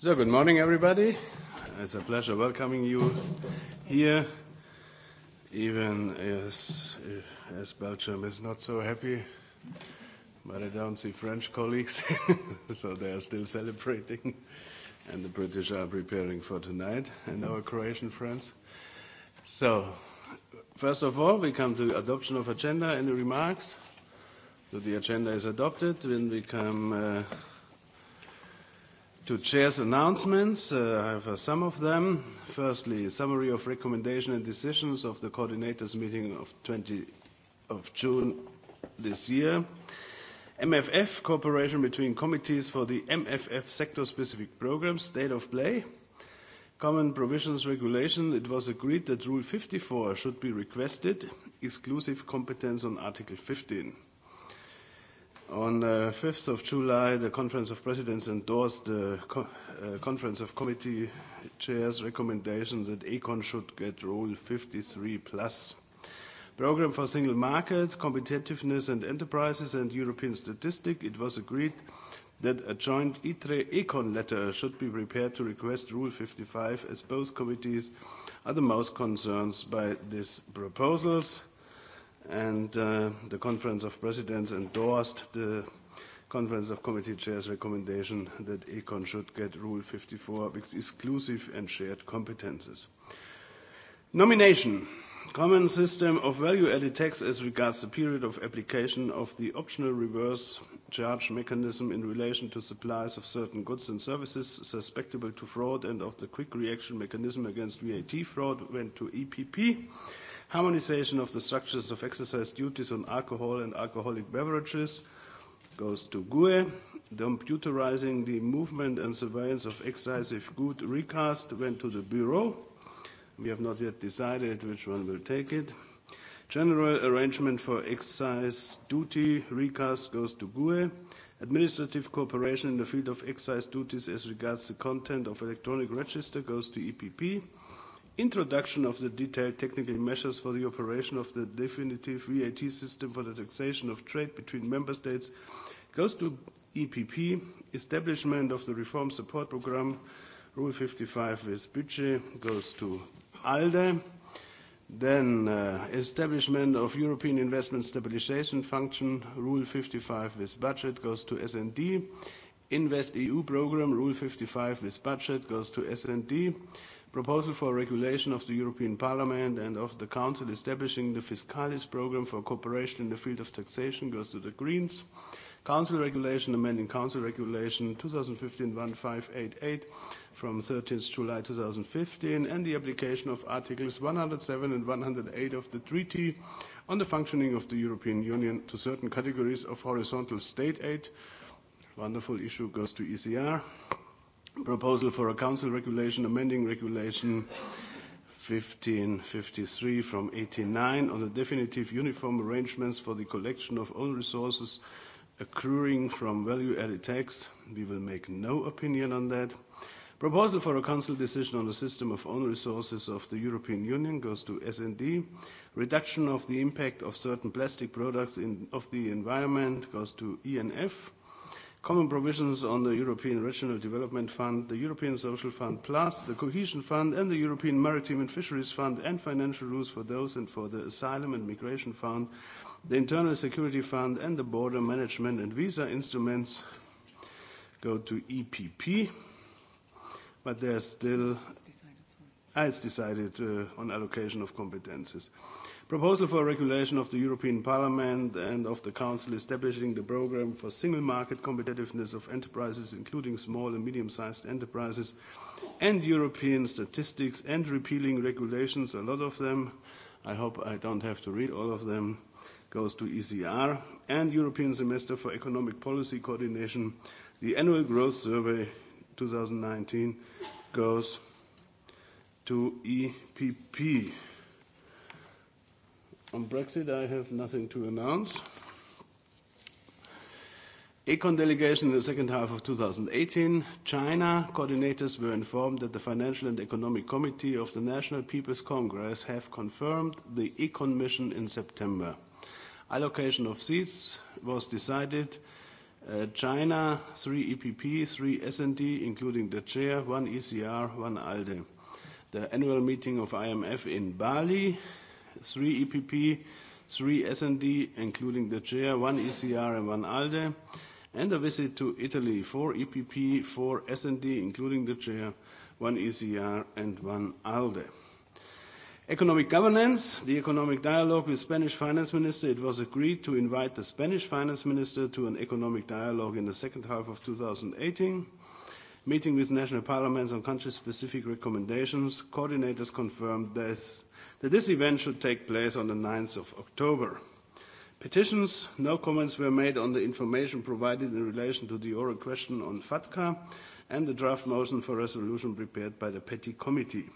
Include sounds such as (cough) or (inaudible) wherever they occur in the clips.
So, good morning, everybody. It's a pleasure welcoming you here, even as, as Belgium is not so happy, but I don't see French colleagues, (laughs) so they are still celebrating, and the British are preparing for tonight, and our Croatian friends. So, first of all, we come to adoption of agenda. Any remarks? So the agenda is adopted. Then we come uh, to Chair's announcements. Uh, I have uh, some of them. Firstly, summary of recommendation and decisions of the coordinators meeting of 20 of June this year. MFF, cooperation between committees for the MFF sector-specific programs, state of play. Common provisions regulation, it was agreed that Rule 54 should be requested, exclusive competence on Article 15. On uh, 5th of July, the Conference of Presidents endorsed the co uh, Conference of Committee Chairs recommendation that ECON should get Rule 53 plus. Program for Single Market, Competitiveness and Enterprises and European Statistics, it was agreed that a joint ITRE ECON letter should be prepared to request Rule 55 as both committees are the most concerned by these proposals and uh, the Conference of Presidents endorsed the Conference of Committee Chairs recommendation that ECON should get Rule 54 with exclusive and shared competences. Nomination. Common system of value-added tax as regards the period of application of the optional reverse charge mechanism in relation to supplies of certain goods and services susceptible to fraud and of the quick reaction mechanism against VAT fraud went to EPP harmonization of the structures of exercise duties on alcohol and alcoholic beverages goes to GUE, computerizing the movement and surveillance of excessive good recast went to the Bureau. We have not yet decided which one will take it. General arrangement for excise duty recast goes to GUE. Administrative cooperation in the field of excise duties as regards the content of electronic register goes to EPP introduction of the detailed technical measures for the operation of the definitive VAT system for the taxation of trade between member states goes to EPP, establishment of the reform support program, Rule 55 with budget goes to ALDE. Then uh, establishment of European Investment Stabilization Function, Rule 55 with budget goes to snd Invest EU program, Rule 55 with budget goes to snd proposal for a regulation of the European Parliament and of the Council establishing the Fiscalis program for cooperation in the field of taxation goes to the Greens. Council regulation amending Council regulation 2015-1588 from 13th July 2015 and the application of articles 107 and 108 of the Treaty on the functioning of the European Union to certain categories of horizontal state aid. Wonderful issue goes to ECR proposal for a council regulation amending regulation 1553 from 89 on the definitive uniform arrangements for the collection of own resources accruing from value-added tax. We will make no opinion on that. Proposal for a council decision on the system of own resources of the European Union goes to SND. Reduction of the impact of certain plastic products in, of the environment goes to ENF common provisions on the European Regional Development Fund, the European Social Fund Plus, the Cohesion Fund, and the European Maritime and Fisheries Fund, and financial rules for those and for the Asylum and Migration Fund, the Internal Security Fund, and the Border Management and Visa Instruments go to EPP, but are still as decided uh, on allocation of competences. Proposal for regulation of the European Parliament and of the Council establishing the program for single market competitiveness of enterprises, including small and medium-sized enterprises, and European statistics, and repealing regulations, a lot of them. I hope I don't have to read all of them goes to ECR and European Semester for Economic Policy Coordination. The Annual Growth Survey 2019 goes to EPP. On Brexit, I have nothing to announce. Econ delegation in the second half of 2018, China coordinators were informed that the Financial and Economic Committee of the National People's Congress have confirmed the Econ mission in September. Allocation of seats was decided. Uh, China, three EPP, three S&D, including the chair, one ECR, one ALDE the annual meeting of IMF in Bali, three EPP, three SND, including the chair, one ECR and one ALDE, and a visit to Italy, four EPP, four SND, including the chair, one ECR and one ALDE. Economic governance, the economic dialogue with Spanish finance minister, it was agreed to invite the Spanish finance minister to an economic dialogue in the second half of 2018 meeting with national parliaments on country-specific recommendations, coordinators confirmed this, that this event should take place on the 9th of October. Petitions, no comments were made on the information provided in relation to the oral question on FATCA and the draft motion for resolution prepared by the Petty Committee.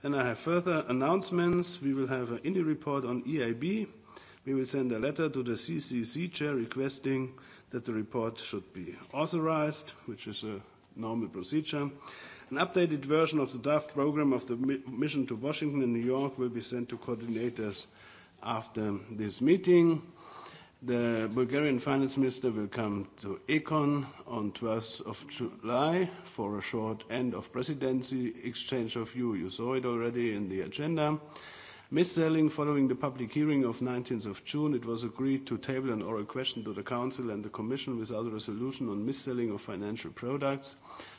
Then I have further announcements. We will have an indie report on EIB. We will send a letter to the CCC chair requesting that the report should be authorized, which is a normal procedure. An updated version of the draft program of the mission to Washington and New York will be sent to coordinators after this meeting. The Bulgarian finance minister will come to Econ on 12th of July for a short end of presidency exchange of view. You saw it already in the agenda mis Selling, following the public hearing of 19th of June, it was agreed to table an oral question to the Council and the Commission without a resolution on mis-selling of financial products.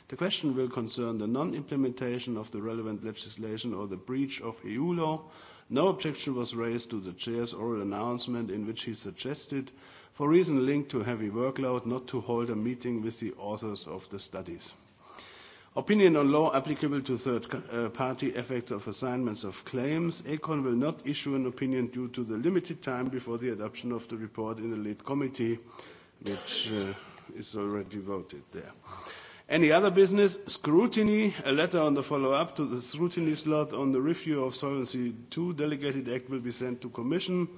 The question will concern the non-implementation of the relevant legislation or the breach of EU law. No objection was raised to the Chair's oral announcement in which he suggested, for reason linked to heavy workload, not to hold a meeting with the authors of the studies. Opinion on law applicable to third uh, party effects of assignments of claims. ACON will not issue an opinion due to the limited time before the adoption of the report in the lead committee, which uh, is already voted there. Any other business? Scrutiny. A letter on the follow-up to the scrutiny slot on the review of Solvency II delegated act will be sent to Commission.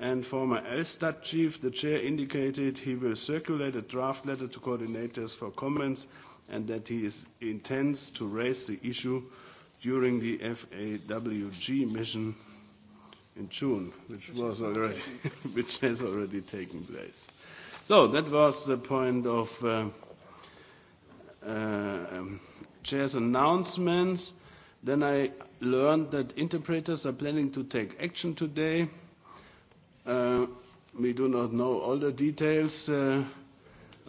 And former Elstat chief, the chair indicated he will circulate a draft letter to coordinators for comments and that he is, intends to raise the issue during the FAWG mission in June, which, which was already, (laughs) which has already taken place. So that was the point of uh, uh, um, chair's announcements. Then I learned that interpreters are planning to take action today. Uh, we do not know all the details. Uh,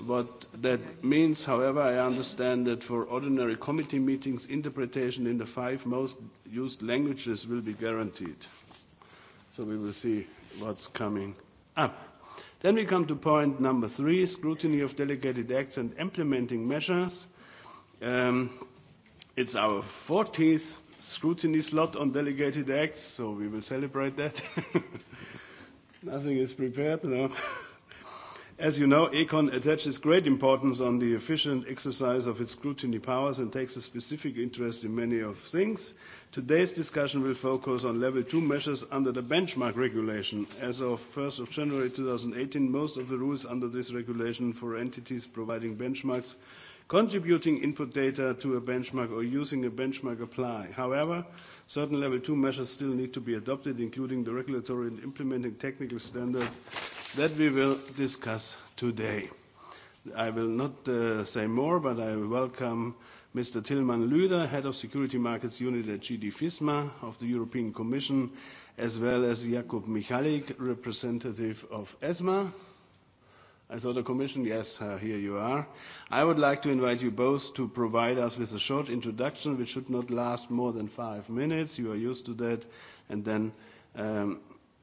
What that means, however, I understand that for ordinary committee meetings, interpretation in the five most used languages will be guaranteed. So we will see what's coming up. Then we come to point number three, scrutiny of delegated acts and implementing measures. Um, it's our 40 th scrutiny slot on delegated acts, so we will celebrate that. (laughs) Nothing is prepared, no. As you know, ECON attaches great importance on the efficient exercise of its scrutiny powers and takes a specific interest in many of things. Today's discussion will focus on level two measures under the benchmark regulation. As of 1st of January 2018, most of the rules under this regulation for entities providing benchmarks contributing input data to a benchmark or using a benchmark apply. However, certain level two measures still need to be adopted, including the regulatory and implementing technical standard that we will discuss today. I will not uh, say more, but I welcome Mr. Tilman Lüder, Head of Security Markets Unit at GD FISMA of the European Commission, as well as Jakub Michalik, representative of ESMA. I saw the commission. Yes, uh, here you are. I would like to invite you both to provide us with a short introduction, which should not last more than five minutes. You are used to that. And then um,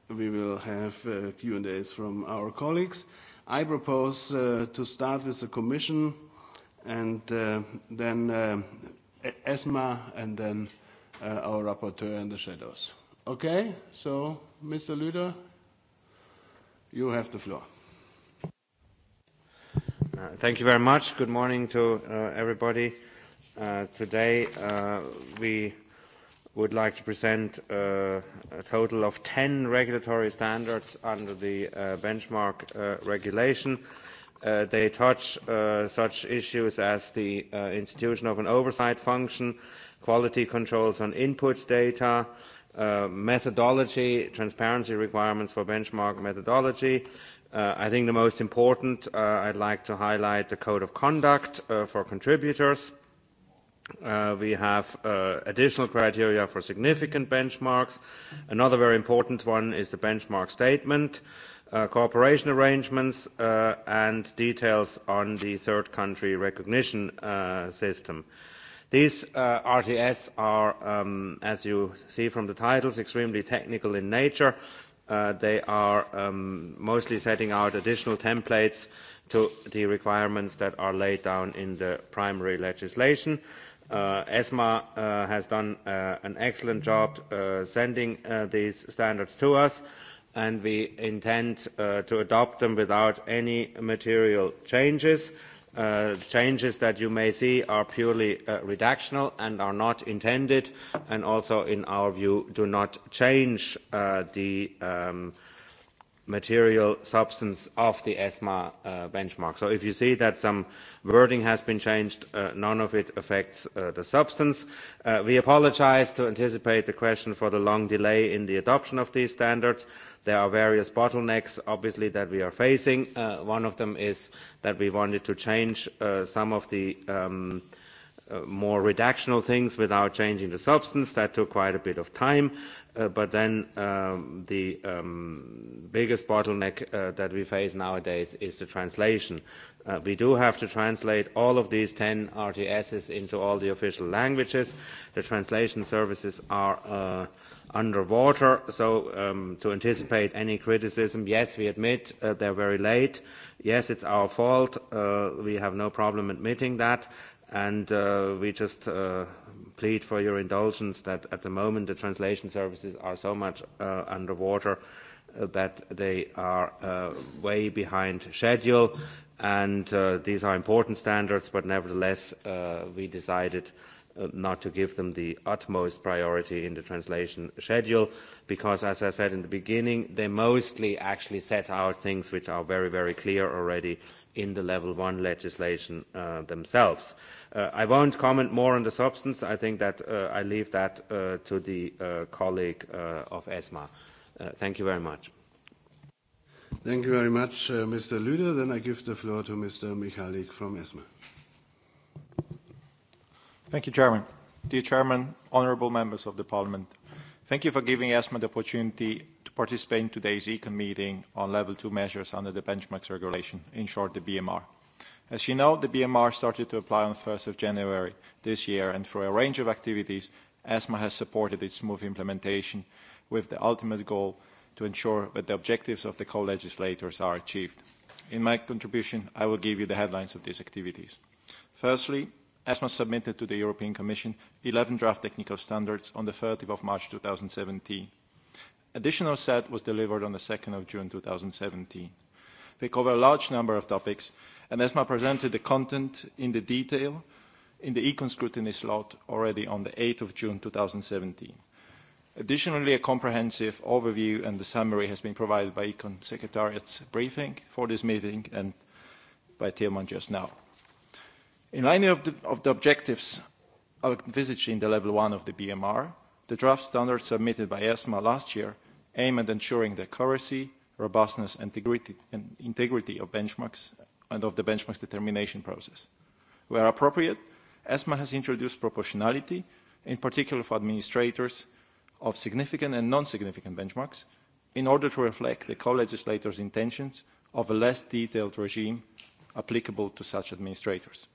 we will have uh, Q&As from our colleagues. I propose uh, to start with the commission and uh, then uh, e-, ESMA and then uh, our rapporteur and the shadows. Okay? So, Mr. Lüder, you have the floor. Uh, thank you very much. Good morning to uh, everybody. Uh, today uh, we would like to present uh, a total of 10 regulatory standards under the uh, benchmark uh, regulation. Uh, they touch uh, such issues as the uh, institution of an oversight function, quality controls on input data, uh, methodology, transparency requirements for benchmark methodology, Uh, I think the most important, uh, I'd like to highlight the code of conduct uh, for contributors. we have additional criteria for significant benchmarks. Another very important one is the benchmark statement, cooperation arrangements, and details on the third country recognition system. These RTS are, um, as you see from the titles, extremely technical in nature Uh, they are um, mostly setting out additional templates to the requirements that are laid down in the primary legislation. Uh, ESMA uh, has done uh, an excellent job uh, sending these standards to us, and we intend to adopt them without any material changes. Uh, changes that you may see are purely uh, redactional and are not intended and also in our view do not change uh, the um, material substance of the ESMA uh, benchmark. So if you see that some wording has been changed, uh, none of it affects uh, the substance. We apologize to anticipate the question for the long delay in the adoption of these standards. There are various bottlenecks, obviously, that we are facing. One of them is that we wanted to change some of the um, uh, more redactional things without changing the substance. That took quite a bit of time. Uh, but then um, the um, biggest bottleneck uh, that we face nowadays is the translation. Uh, we do have to translate all of these 10 RTSs into all the official languages. The translation services are underwater, so um, to anticipate any criticism, yes, we admit they're very late. Yes, it's our fault. we have no problem admitting that and uh, we just uh, plead for your indulgence that at the moment the translation services are so much uh, underwater uh, that they are uh, way behind schedule and uh, these are important standards but nevertheless uh, we decided uh, not to give them the utmost priority in the translation schedule because as I said in the beginning they mostly actually set out things which are very very clear already in the level one legislation uh, themselves. Uh, I won't comment more on the substance. I think that uh, I leave that uh, to the uh, colleague uh, of ESMA. Uh, thank you very much. Thank you very much, uh, Mr. Lüder. Then I give the floor to Mr. Michalik from ESMA. Thank you, Chairman. Dear Chairman, honorable members of the Parliament, Thank you for giving ESMA the opportunity to participate in today's ECON meeting on Level 2 measures under the Benchmarks Regulation, in short, the BMR. As you know, the BMR started to apply on 1st of January this year, and through a range of activities, ESMA has supported its smooth implementation with the ultimate goal to ensure that the objectives of the co-legislators are achieved. In my contribution, I will give you the headlines of these activities. Firstly, ESMA submitted to the European Commission 11 draft technical standards on the 30th of March 2017. Additional set was delivered on the 2nd of June 2017. They cover a large number of topics, and ESMA presented the content in the detail in the Econ Scrutiny slot already on the 8th of June 2017. Additionally, a comprehensive overview and the summary has been provided by Econ Secretariat's briefing for this meeting and by Tilman just now. In line of the, of the objectives envisaged in the level one of the BMR, the draft standards submitted by ESMA last year aim at ensuring the accuracy, robustness, integrity, and integrity of benchmarks and of the benchmarks determination process. Where appropriate, ESMA has introduced proportionality, in particular for administrators of significant and non-significant benchmarks, in order to reflect the co-legislators' intentions of a less detailed regime applicable to such administrators.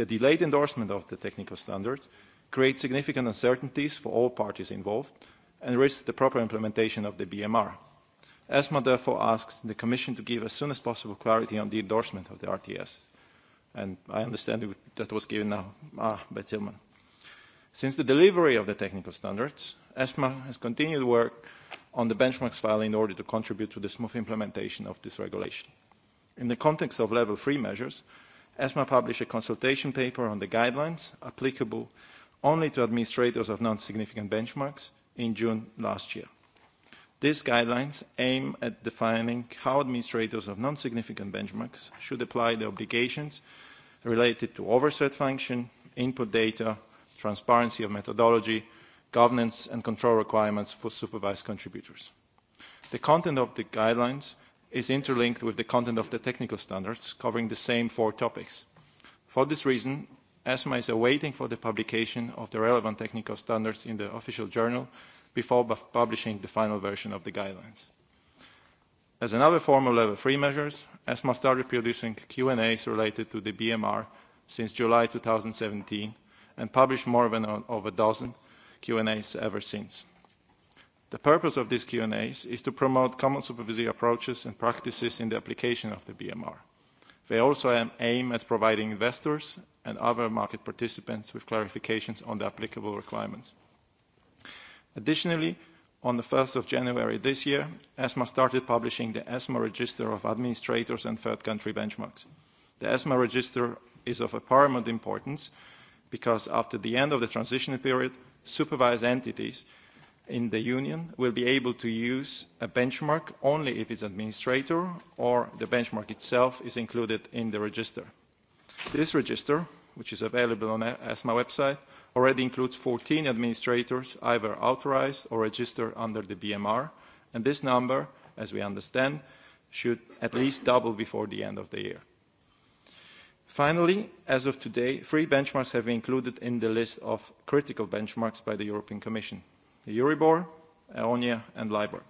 The delayed endorsement of the technical standards creates significant uncertainties for all parties involved and risks the proper implementation of the BMR. ESMA therefore asks the Commission to give as soon as possible clarity on the endorsement of the RTS. And I understand that was given now ah, by Tillman. Since the delivery of the technical standards, ESMA has continued work on the benchmarks file in order to contribute to the smooth implementation of this regulation. In the context of level three measures, ESMA published a consultation paper on the guidelines applicable only to administrators of non-significant benchmarks in June last year. These guidelines aim at defining how administrators of non-significant benchmarks should apply the obligations related to oversight function, input data, transparency of methodology, governance and control requirements for supervised contributors. The content of the guidelines is interlinked with the content of the technical standards covering the same four topics. For this reason, ESMA is awaiting for the publication of the relevant technical standards in the official journal before publishing the final version of the guidelines. As another form of level three measures, ESMA started producing Q&As related to the BMR since July 2017 and published more than of a dozen Q&As ever since. The purpose of these Q&As is to promote common supervisory approaches and practices in the application of the BMR. They also aim at providing investors and other market participants with clarifications on the applicable requirements. Additionally, on the 1st of January this year, ESMA started publishing the ESMA Register of Administrators and Third Country Benchmarks. The ESMA Register is of paramount importance because after the end of the transition period, supervised entities – in the Union will be able to use a benchmark only if its administrator or the benchmark itself is included in the register. This register, which is available on e- ESMA website, already includes 14 administrators either authorized or registered under the BMR, and this number, as we understand, should at least double before the end of the year. Finally, as of today, three benchmarks have been included in the list of critical benchmarks by the European Commission. Euribor, EONIA, and LIBOR.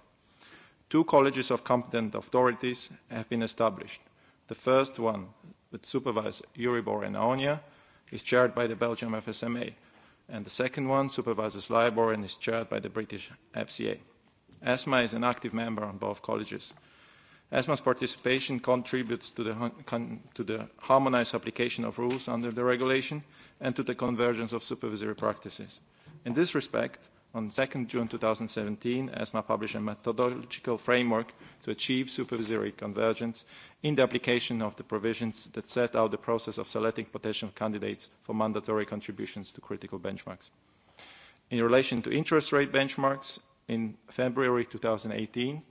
Two colleges of competent authorities have been established. The first one, which supervises Euribor and EONIA, is chaired by the Belgium FSMA, and the second one supervises LIBOR and is chaired by the British FCA. ESMA is an active member on both colleges. ESMA's participation contributes to the, to the harmonized application of rules under the regulation and to the convergence of supervisory practices. In this respect, on 2nd June 2017, ESMA published a methodological framework to achieve supervisory convergence in the application of the provisions that set out the process of selecting potential candidates for mandatory contributions to critical benchmarks. In relation to interest rate benchmarks, in February 2018,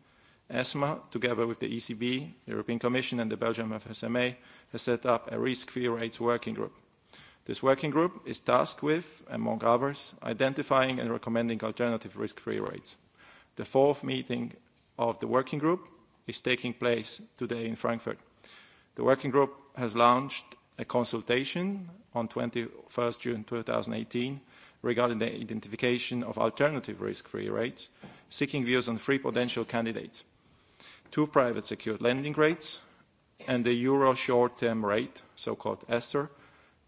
ESMA, together with the ECB, European Commission and the Belgium FSMA, has set up a risk-free rates working group This working group is tasked with, among others, identifying and recommending alternative risk-free rates. The fourth meeting of the working group is taking place today in Frankfurt. The working group has launched a consultation on 21st June 2018 regarding the identification of alternative risk-free rates, seeking views on three potential candidates, two private secured lending rates, and the euro short-term rate, so-called ESTR,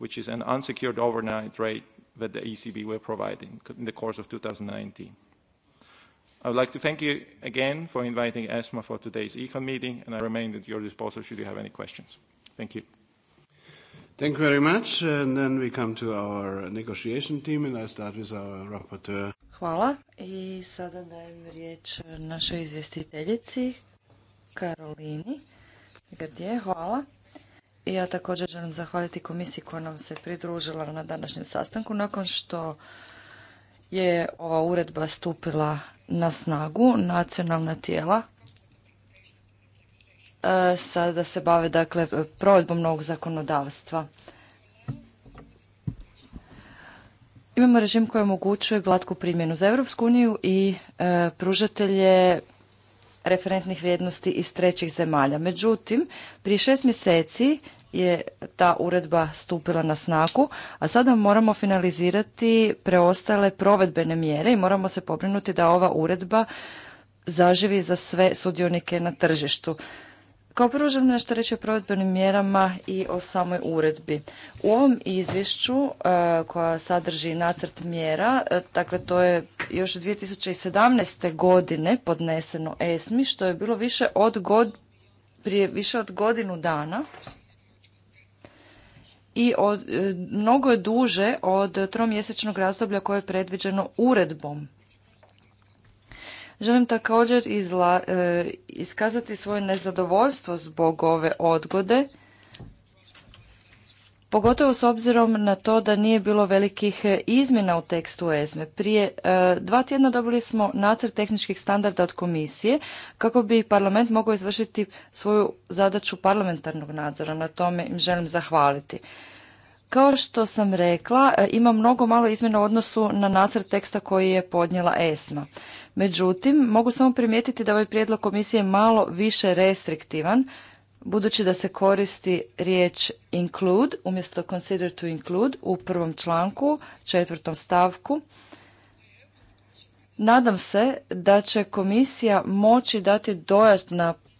which is an unsecured overnight rate that the ECB will provide in the course of 2019. I would like to thank you again for inviting ESMA for today's ECON meeting, and I remain at your disposal should you have any questions. Thank you. Thank you very much. And then we come to our negotiation team, and I start with our rapporteur. Hvala. I sada dajem riječ našoj izvjestiteljici, Karolini. Gdje? Hvala. Ja također želim zahvaliti komisiji koja nam se pridružila na današnjem sastanku. Nakon što je ova uredba stupila na snagu, nacionalna tijela e, sada se bave dakle provedbom novog zakonodavstva. Imamo režim koji omogućuje glatku primjenu za Europsku uniju i e, pružatelje referentnih vrijednosti iz trećih zemalja. Međutim, prije šest mjeseci je ta uredba stupila na snagu, a sada moramo finalizirati preostale provedbene mjere i moramo se pobrinuti da ova uredba zaživi za sve sudionike na tržištu. Kao prvo želim nešto reći o provedbenim mjerama i o samoj uredbi. U ovom izvješću e, koja sadrži nacrt mjera, e, dakle to je još 2017. godine podneseno ESMI, što je bilo više od god, prije više od godinu dana i od, e, mnogo je duže od tromjesečnog razdoblja koje je predviđeno uredbom Želim također izla, e, iskazati svoje nezadovoljstvo zbog ove odgode, pogotovo s obzirom na to da nije bilo velikih e, izmjena u tekstu ESME. Prije e, dva tjedna dobili smo nacrt tehničkih standarda od komisije kako bi parlament mogao izvršiti svoju zadaću parlamentarnog nadzora. Na tome im želim zahvaliti. Kao što sam rekla, e, ima mnogo malo izmjena u odnosu na nacrt teksta koji je podnijela ESMA. Međutim, mogu samo primijetiti da ovaj prijedlog komisije malo više restriktivan, budući da se koristi riječ include umjesto consider to include u prvom članku, četvrtom stavku. Nadam se da će komisija moći dati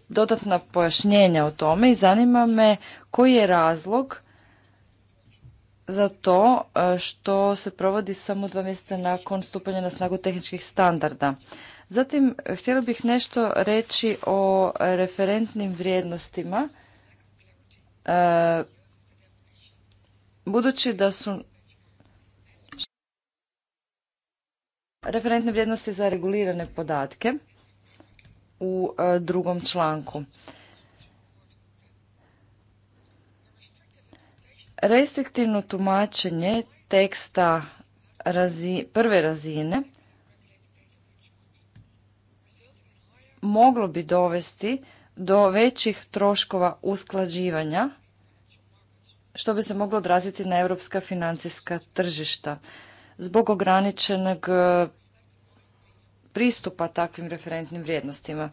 dodatna pojašnjenja o tome i zanima me koji je razlog za to e, što se provodi samo dva mjeseca nakon stupanja na snagu tehničkih standarda. Zatim, htjela bih nešto reći o referentnim vrijednostima. E, budući da su referentne vrijednosti za regulirane podatke u e, drugom članku. restriktivno tumačenje teksta prve razine moglo bi dovesti do većih troškova usklađivanja što bi se moglo odraziti na europska financijska tržišta zbog ograničenog e, pristupa takvim referentnim vrijednostima.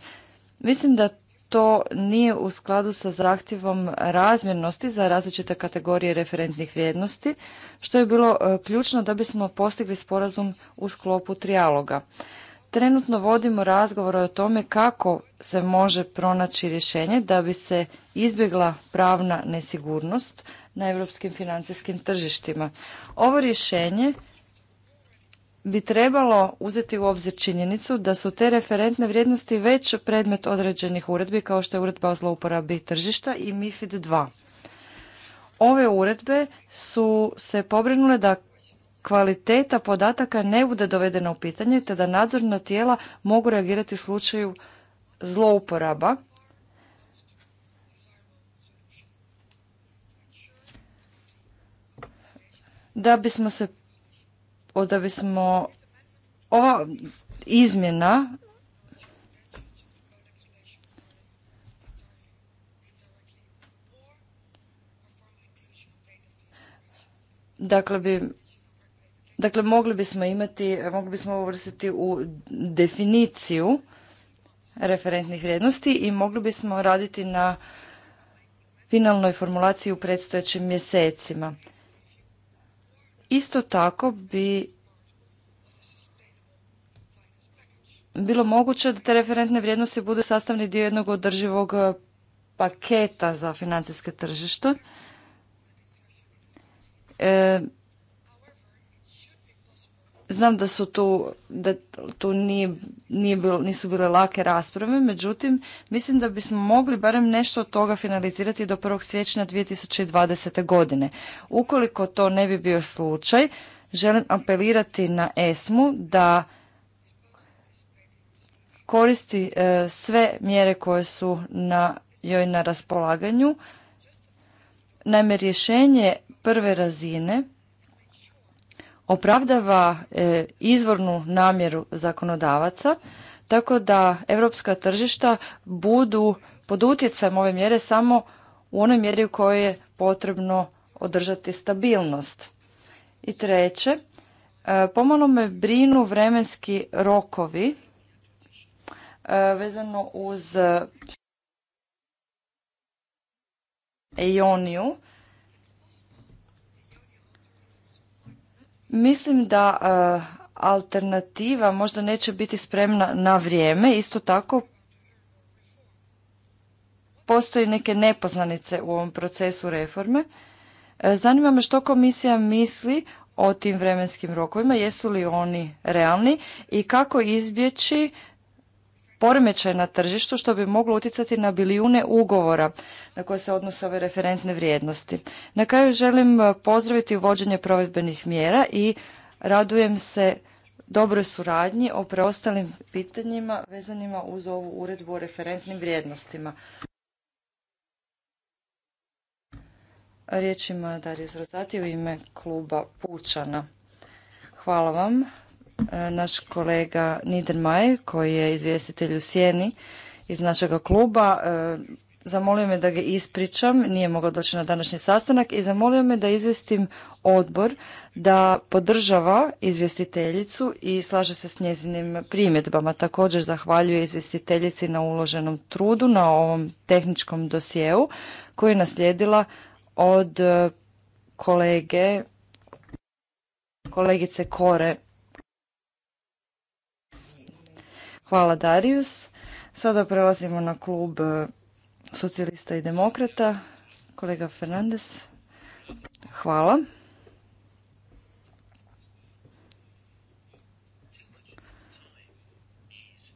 Mislim da to nije u skladu sa zahtjevom razmjernosti za različite kategorije referentnih vrijednosti, što je bilo e, ključno da bismo postigli sporazum u sklopu trijaloga. Trenutno vodimo razgovore o tome kako se može pronaći rješenje da bi se izbjegla pravna nesigurnost na europskim financijskim tržištima. Ovo rješenje bi trebalo uzeti u obzir činjenicu da su te referentne vrijednosti već predmet određenih uredbi kao što je uredba o zlouporabi tržišta i MIFID 2. Ove uredbe su se pobrinule da kvaliteta podataka ne bude dovedena u pitanje te da nadzorna tijela mogu reagirati u slučaju zlouporaba da bismo se da bismo ova izmjena dakle bi Dakle, mogli bismo imati, mogli bismo uvrstiti u definiciju referentnih vrijednosti i mogli bismo raditi na finalnoj formulaciji u predstojećim mjesecima. Isto tako bi bilo moguće da te referentne vrijednosti budu sastavni dio jednog održivog eh, paketa za financijske tržište. E, Znam da su tu, da tu nije, nije bilo, nisu bile lake rasprave, međutim, mislim da bismo mogli barem nešto od toga finalizirati do 1. siječnja 2020. godine. Ukoliko to ne bi bio slučaj, želim apelirati na ESMU da koristi e, sve mjere koje su na joj na raspolaganju. Naime, rješenje prve razine opravdava e, izvornu namjeru zakonodavaca, tako da europska tržišta budu pod utjecajem ove mjere samo u onoj mjeri u kojoj je potrebno održati stabilnost. I treće, e, pomalo me brinu vremenski rokovi e, vezano uz Ioniju Mislim da e, alternativa možda neće biti spremna na vrijeme. Isto tako postoji neke nepoznanice u ovom procesu reforme. E, zanima me što komisija misli o tim vremenskim rokovima, jesu li oni realni i kako izbjeći poremećaj na tržištu što bi moglo utjecati na bilijune ugovora na koje se odnose ove referentne vrijednosti. Na kraju želim e, pozdraviti uvođenje provedbenih mjera i radujem se dobroj suradnji o preostalim pitanjima vezanima uz ovu uredbu o referentnim vrijednostima. Riječ ima Darius Rozati u ime kluba Pučana. Hvala vam. E, naš kolega Niedermayer, koji je izvjestitelj u Sjeni iz našega kluba, e, zamolio me da ga ispričam, nije mogao doći na današnji sastanak i zamolio me da izvjestim odbor da podržava izvjestiteljicu i slaže se s njezinim primjedbama. Također zahvaljuje izvjestiteljici na uloženom trudu na ovom tehničkom dosjeu koji je naslijedila od kolege kolegice Kore Hvala Darius. Sada prelazimo na klub e, socijalista i demokrata. Kolega Fernandez. Hvala.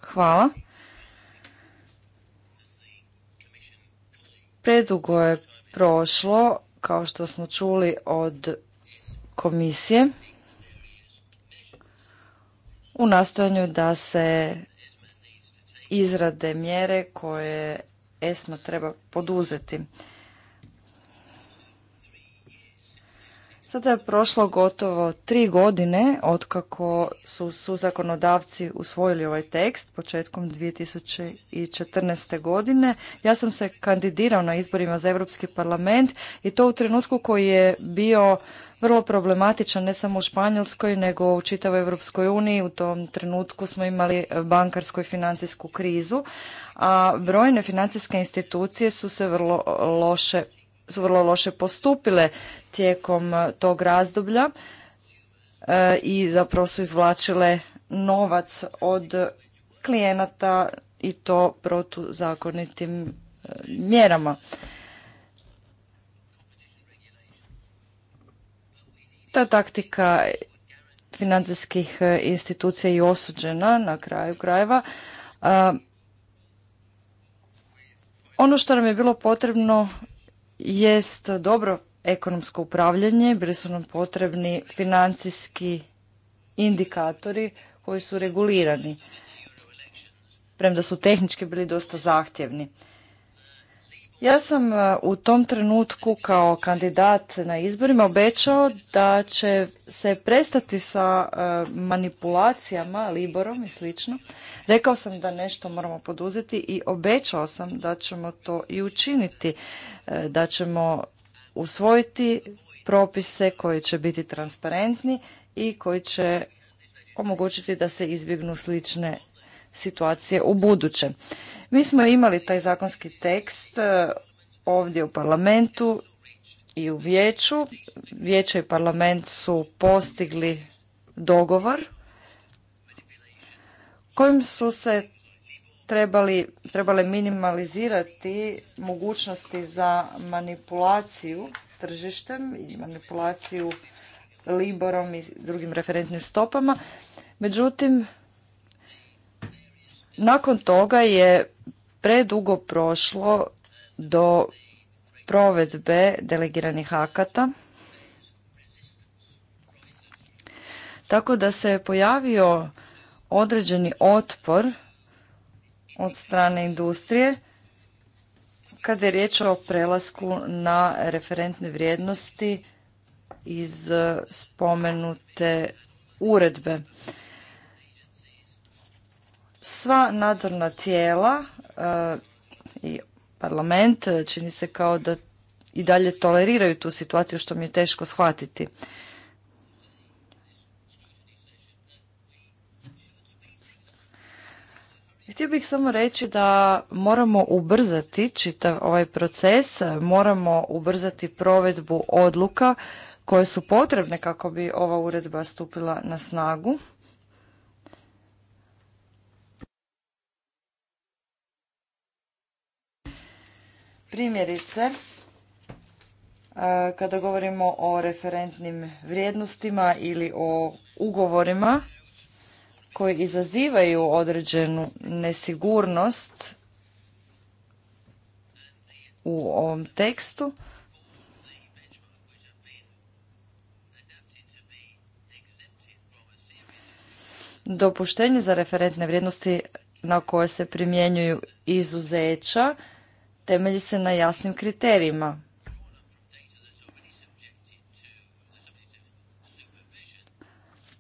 Hvala. Predugo je prošlo, kao što smo čuli od komisije, u nastojanju da se izrade mjere koje ESMA treba poduzeti. Sada je prošlo gotovo tri godine otkako su, su zakonodavci usvojili ovaj tekst početkom 2014. godine. Ja sam se kandidirao na izborima za Europski parlament i to u trenutku koji je bio vrlo problematičan ne samo u Španjolskoj nego u čitavoj Europskoj uniji. U tom trenutku smo imali e, bankarsku i financijsku krizu, a brojne financijske institucije su se vrlo e, loše su vrlo loše postupile tijekom e, tog razdoblja e, i zapravo su izvlačile novac od klijenata i to protuzakonitim e, mjerama. Ta taktika financijskih institucija je i osuđena na kraju krajeva. Ono što nam je bilo potrebno jest dobro ekonomsko upravljanje, bili su nam potrebni financijski indikatori koji su regulirani, premda su tehnički bili dosta zahtjevni. Ja sam e, u tom trenutku kao kandidat na izborima obećao da će se prestati sa e, manipulacijama, Liborom i slično. Rekao sam da nešto moramo poduzeti i obećao sam da ćemo to i učiniti, e, da ćemo usvojiti propise koji će biti transparentni i koji će omogućiti da se izbjegnu slične situacije u budućem. Mi smo imali taj zakonski tekst e, ovdje u parlamentu i u vijeću. Vijeće i parlament su postigli dogovor kojim su se trebali, trebale minimalizirati mogućnosti za manipulaciju tržištem i manipulaciju Liborom i drugim referentnim stopama. Međutim, nakon toga je predugo prošlo do provedbe delegiranih akata, tako da se je pojavio određeni otpor od strane industrije kada je riječ o prelasku na referentne vrijednosti iz spomenute uredbe sva nadzorna tijela e, i parlament e, čini se kao da i dalje toleriraju tu situaciju što mi je teško shvatiti. Htio bih samo reći da moramo ubrzati čitav ovaj proces, moramo ubrzati provedbu odluka koje su potrebne kako bi ova uredba stupila na snagu. Primjerice, e, kada govorimo o referentnim vrijednostima ili o ugovorima koji izazivaju određenu nesigurnost u ovom tekstu, dopuštenje za referentne vrijednosti na koje se primjenjuju izuzeća temelji se na jasnim kriterijima.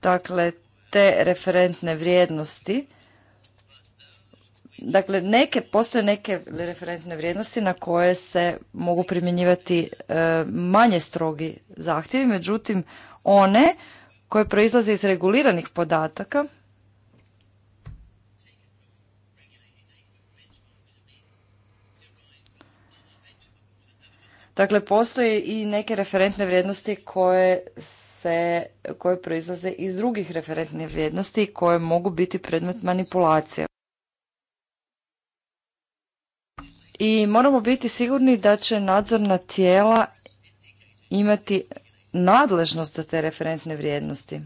Dakle, te referentne vrijednosti, dakle, neke, postoje neke referentne vrijednosti na koje se mogu primjenjivati e, manje strogi zahtjevi, međutim, one koje proizlaze iz reguliranih podataka, Dakle, postoje i neke referentne vrijednosti koje se, koje proizlaze iz drugih referentnih vrijednosti koje mogu biti predmet manipulacije. I moramo biti sigurni da će nadzorna tijela imati nadležnost za te referentne vrijednosti.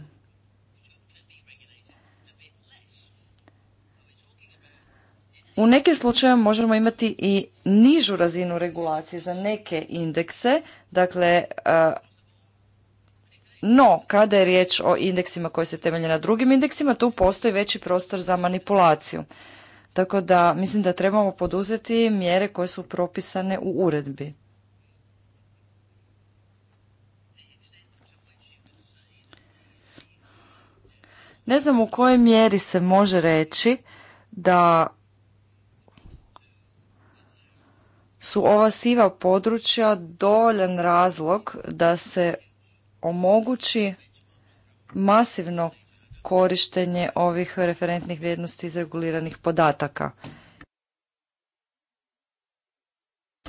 U nekim slučajevima možemo imati i nižu razinu regulacije za neke indekse, dakle e, no, kada je riječ o indeksima koji se temelje na drugim indeksima, tu postoji veći prostor za manipulaciju. Tako da mislim da trebamo poduzeti mjere koje su propisane u uredbi. Ne znam u kojoj mjeri se može reći da su ova siva područja dovoljan razlog da se omogući masivno korištenje ovih referentnih vrijednosti iz reguliranih podataka.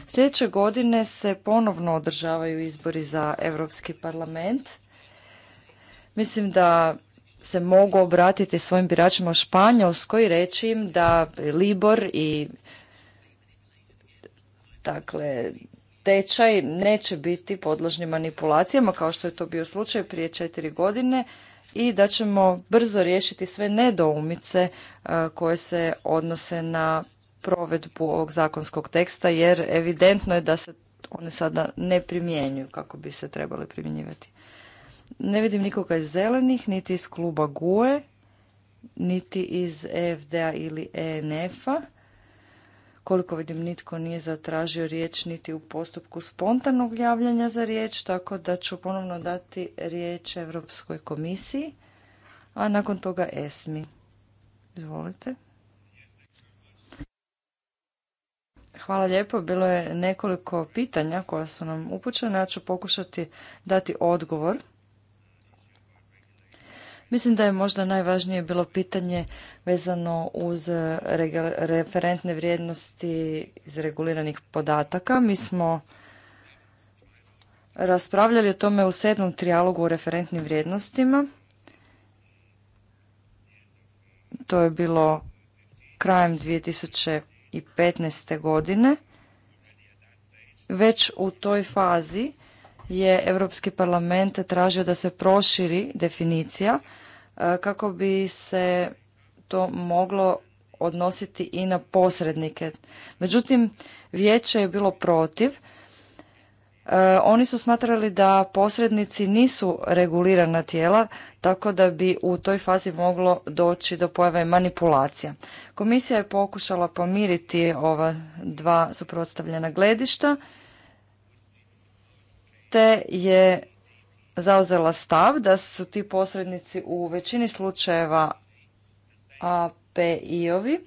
Sljedeće godine se ponovno održavaju izbori za Europski parlament. Mislim da se mogu obratiti svojim biračima u Španjolskoj i reći im da Libor i Dakle, tečaj neće biti podložni manipulacijama kao što je to bio slučaj prije četiri godine i da ćemo brzo riješiti sve nedoumice e, koje se odnose na provedbu ovog zakonskog teksta jer evidentno je da se one sada ne primjenjuju kako bi se trebale primjenjivati. Ne vidim nikoga iz zelenih, niti iz kluba GUE, niti iz EFDA ili ENF-a. Koliko vidim, nitko nije zatražio riječ niti u postupku spontanog javljanja za riječ, tako da ću ponovno dati riječ Europskoj komisiji, a nakon toga ESMI. Izvolite. Hvala lijepo. Bilo je nekoliko pitanja koja su nam upućena. Ja ću pokušati dati odgovor Mislim da je možda najvažnije bilo pitanje vezano uz referentne vrijednosti iz reguliranih podataka. Mi smo raspravljali o tome u sedmom trijalogu o referentnim vrijednostima. To je bilo krajem 2015. godine. Već u toj fazi je Europski parlament tražio da se proširi definicija e, kako bi se to moglo odnositi i na posrednike. Međutim, vijeće je bilo protiv. E, oni su smatrali da posrednici nisu regulirana tijela, tako da bi u toj fazi moglo doći do pojave manipulacija. Komisija je pokušala pomiriti ova dva suprotstavljena gledišta te je zauzela stav da su ti posrednici u većini slučajeva API-ovi,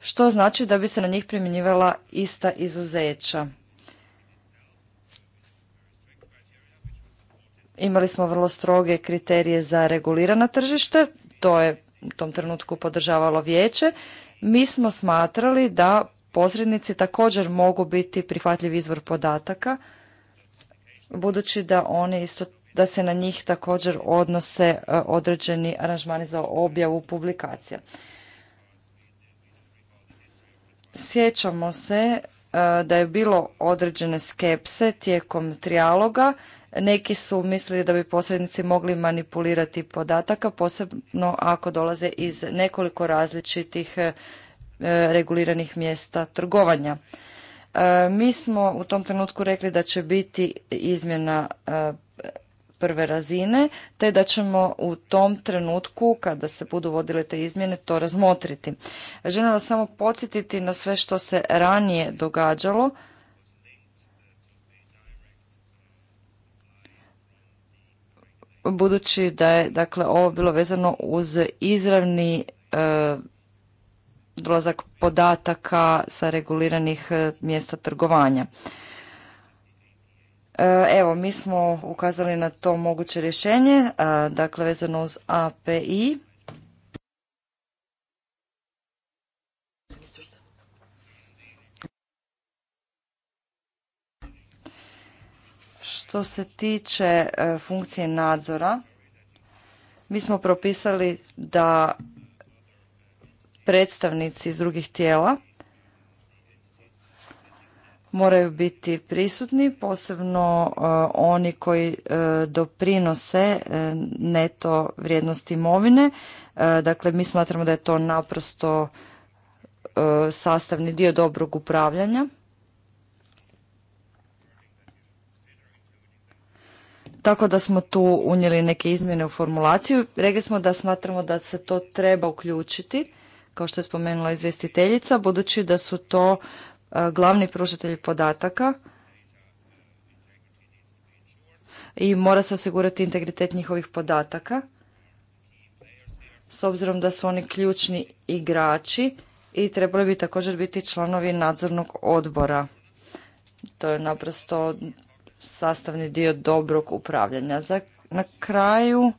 što znači da bi se na njih primjenjivala ista izuzeća. Imali smo vrlo stroge kriterije za regulirana tržište, to je u tom trenutku podržavalo vijeće. Mi smo smatrali da posrednici također mogu biti prihvatljiv izvor podataka budući da oni isto da se na njih također odnose e, određeni aranžmani za objavu publikacija. Sjećamo se e, da je bilo određene skepse tijekom trijaloga. Neki su mislili da bi posrednici mogli manipulirati podataka, posebno ako dolaze iz nekoliko različitih e, reguliranih mjesta trgovanja. E, mi smo u tom trenutku rekli da će biti izmjena e, prve razine, te da ćemo u tom trenutku, kada se budu vodile te izmjene, to razmotriti. Želim vas samo podsjetiti na sve što se ranije događalo. Budući da je dakle, ovo bilo vezano uz izravni e, dolazak podataka sa reguliranih e, mjesta trgovanja. E, evo, mi smo ukazali na to moguće rješenje, e, dakle vezano uz API. Što se tiče funkcije nadzora, mi smo propisali da predstavnici iz drugih tijela moraju biti prisutni, posebno e, oni koji e, doprinose e, neto vrijednosti imovine. Dakle, mi smatramo da je to naprosto sastavni dio dobrog upravljanja. Tako da smo tu unijeli neke izmjene u formulaciju. Rekli smo da smatramo da se to treba uključiti kao što je spomenula izvjestiteljica, budući da su to e, glavni pružatelji podataka i mora se osigurati integritet njihovih podataka s obzirom da su oni ključni igrači i trebali bi također biti članovi nadzornog odbora. To je naprosto sastavni dio dobrog upravljanja. Na kraju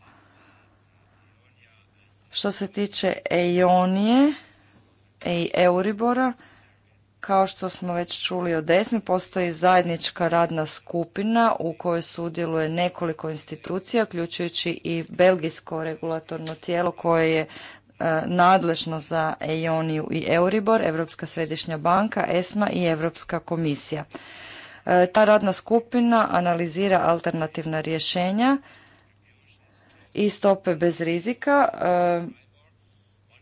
što se tiče Eionije i Euribora, kao što smo već čuli od ESMI, postoji zajednička radna skupina u kojoj sudjeluje nekoliko institucija, uključujući i belgijsko regulatorno tijelo koje je e, nadležno za Ejoniju i Euribor, Europska središnja banka, ESMA i Europska komisija. E, ta radna skupina analizira alternativna rješenja i stope bez rizika. E,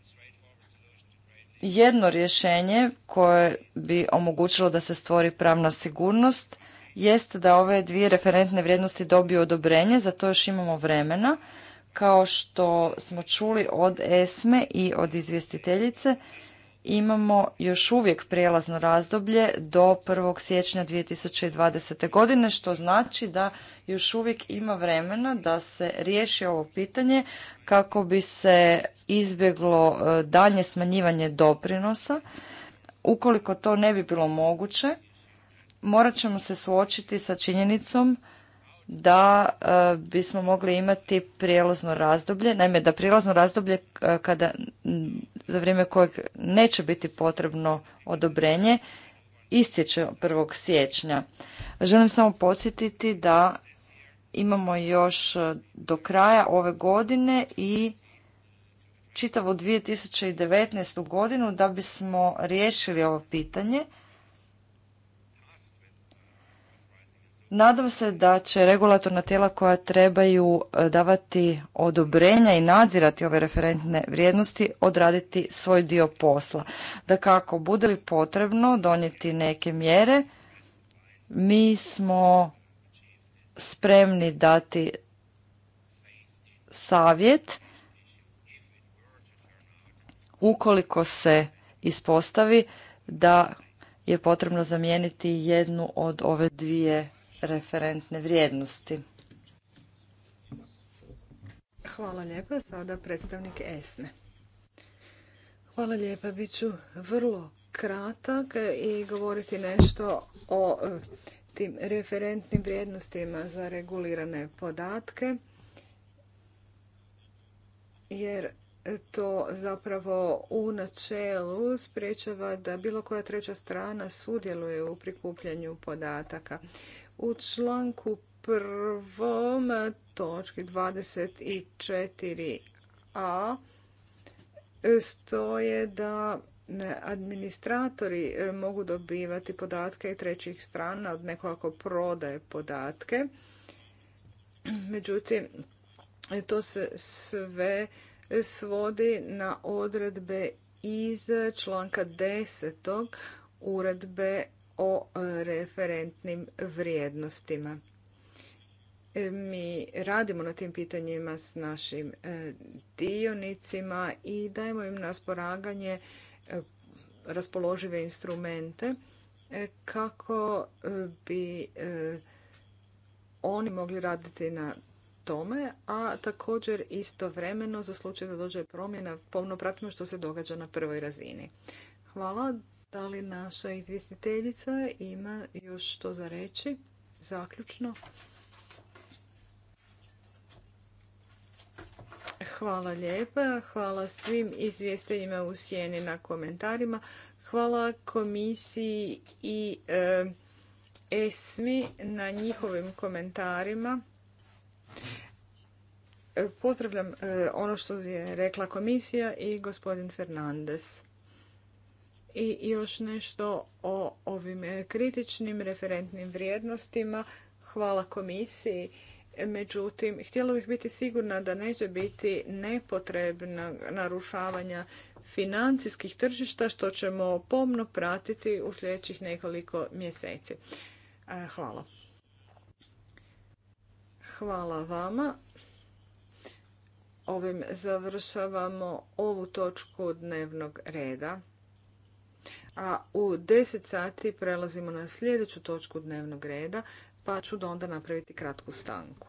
jedno rješenje koje bi omogućilo da se stvori pravna sigurnost jest da ove dvije referentne vrijednosti dobiju odobrenje, za to još imamo vremena. Kao što smo čuli od ESME i od izvjestiteljice, imamo još uvijek prijelazno razdoblje do 1. siječnja 2020. godine, što znači da još uvijek ima vremena da se riješi ovo pitanje kako bi se izbjeglo e, dalje smanjivanje doprinosa. Ukoliko to ne bi bilo moguće, morat ćemo se suočiti sa činjenicom da e, bismo mogli imati prijelazno razdoblje, naime da prijelazno razdoblje e, kada za vrijeme kojeg neće biti potrebno odobrenje istječe 1. siječnja. Želim samo podsjetiti da imamo još e, do kraja ove godine i čitavu 2019. godinu da bismo riješili ovo pitanje Nadam se da će regulatorna tijela koja trebaju e, davati odobrenja i nadzirati ove referentne vrijednosti odraditi svoj dio posla. Da kako bude li potrebno donijeti neke mjere, mi smo spremni dati savjet ukoliko se ispostavi da je potrebno zamijeniti jednu od ove dvije referentne vrijednosti. Hvala lijepa. Sada predstavnik ESME. Hvala lijepa. ću vrlo kratak i govoriti nešto o e, tim referentnim vrijednostima za regulirane podatke jer to zapravo u načelu sprečava da bilo koja treća strana sudjeluje u prikupljanju podataka. U članku prvom točki 24a stoje da administratori e, mogu dobivati podatke i trećih strana od nekoga ko prodaje podatke. Međutim, to se sve svodi na odredbe iz članka 10. uredbe o referentnim vrijednostima. E, mi radimo na tim pitanjima s našim e, dionicima i dajemo im na sporaganje e, raspoložive instrumente kako bi oni mogli raditi na tome, a također istovremeno za slučaj da dođe promjena pomno pratimo što se događa na prvoj razini. Hvala. Da li naša izvjestiteljica ima još što za reći? Zaključno. Hvala lijepa. Hvala svim izvjestiteljima u sjeni na komentarima. Hvala komisiji i e, ESMI na njihovim komentarima E, pozdravljam e, ono što je rekla komisija i gospodin Fernandez. I još nešto o ovim e, kritičnim referentnim vrijednostima. Hvala komisiji. Međutim, htjela bih biti sigurna da neće biti nepotrebna narušavanja financijskih tržišta što ćemo pomno pratiti u sljedećih nekoliko mjeseci. Hvala. Hvala vama. Ovim završavamo ovu točku dnevnog reda. A u 10 sati prelazimo na sljedeću točku dnevnog reda, pa ću onda napraviti kratku stanku.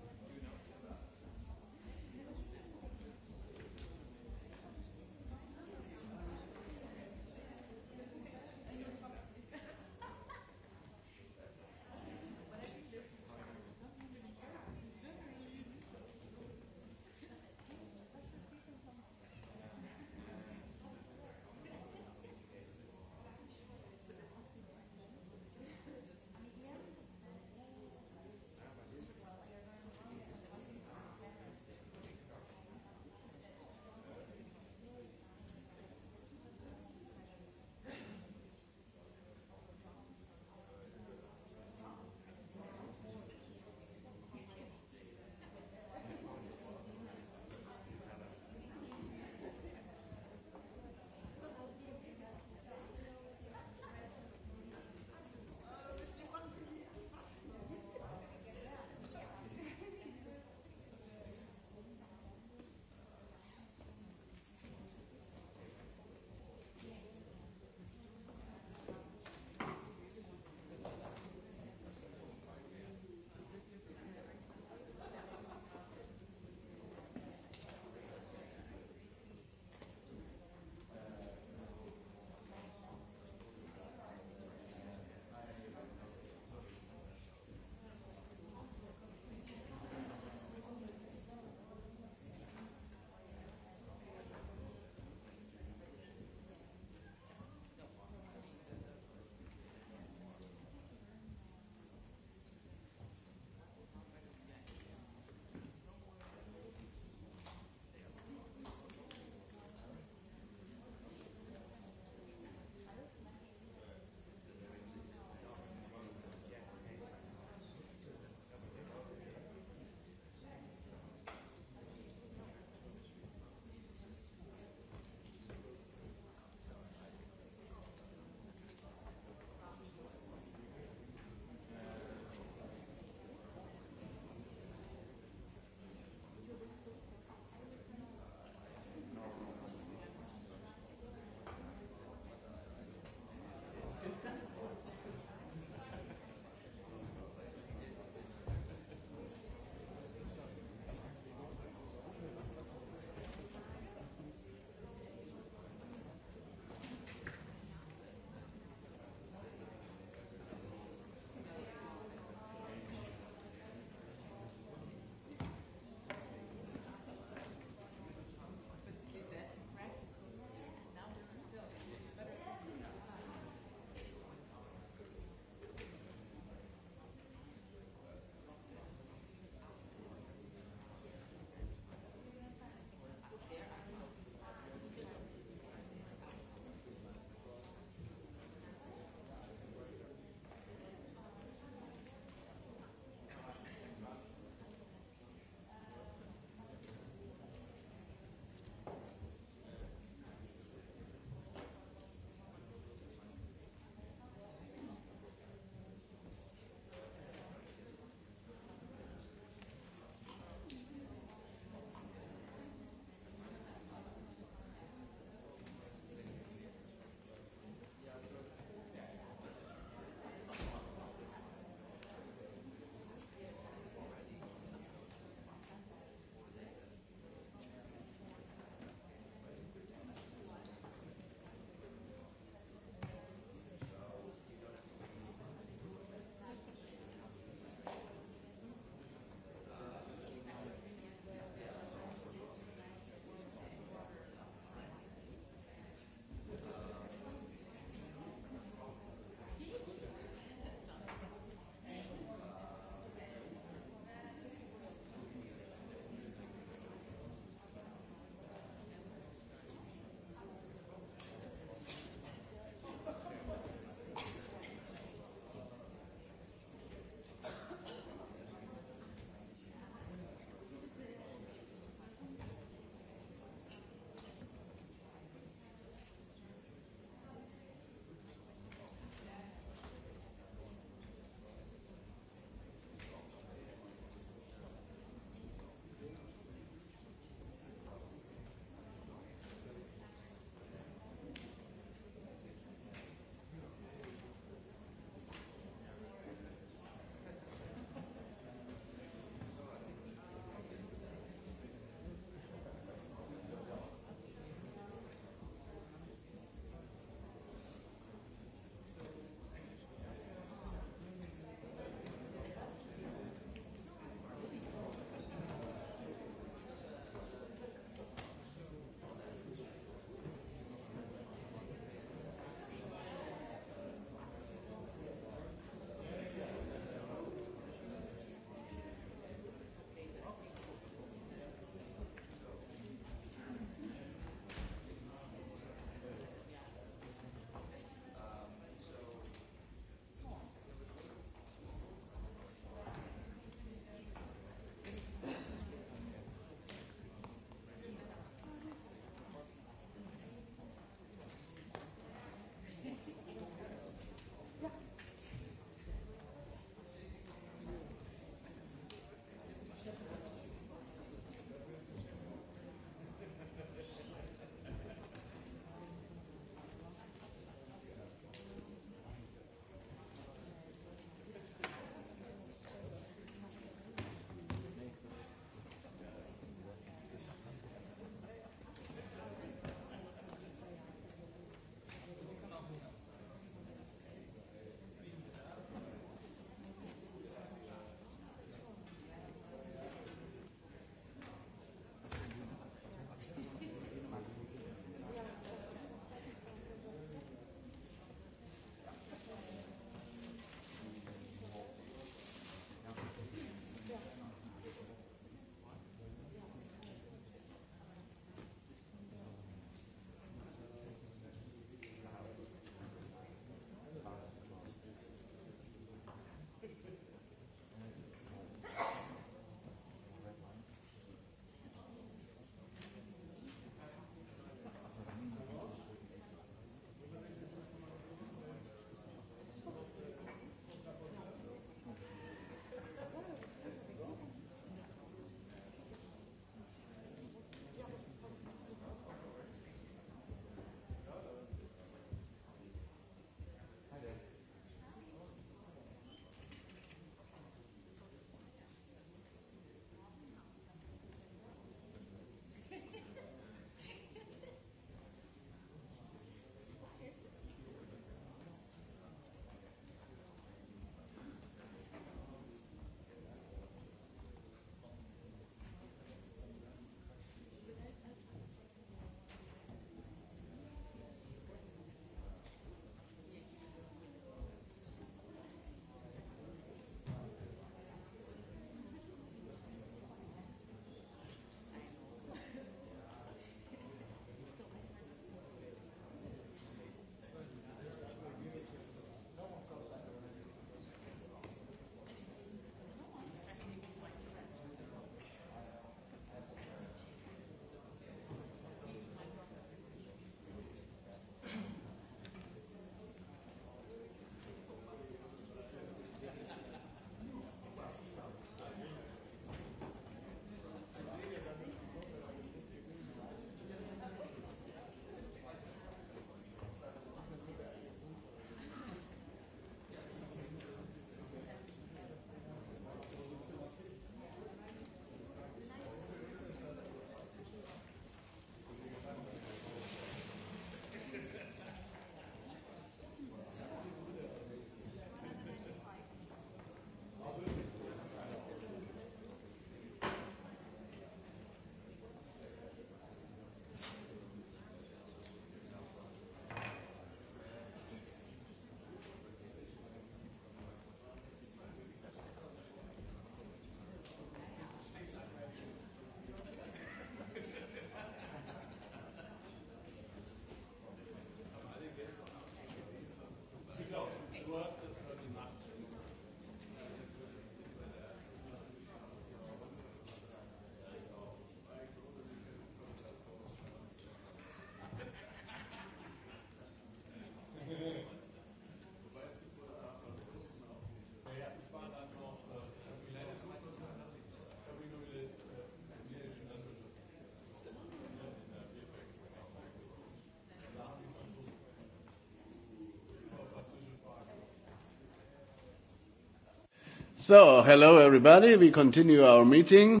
So, hello everybody, we continue our meeting.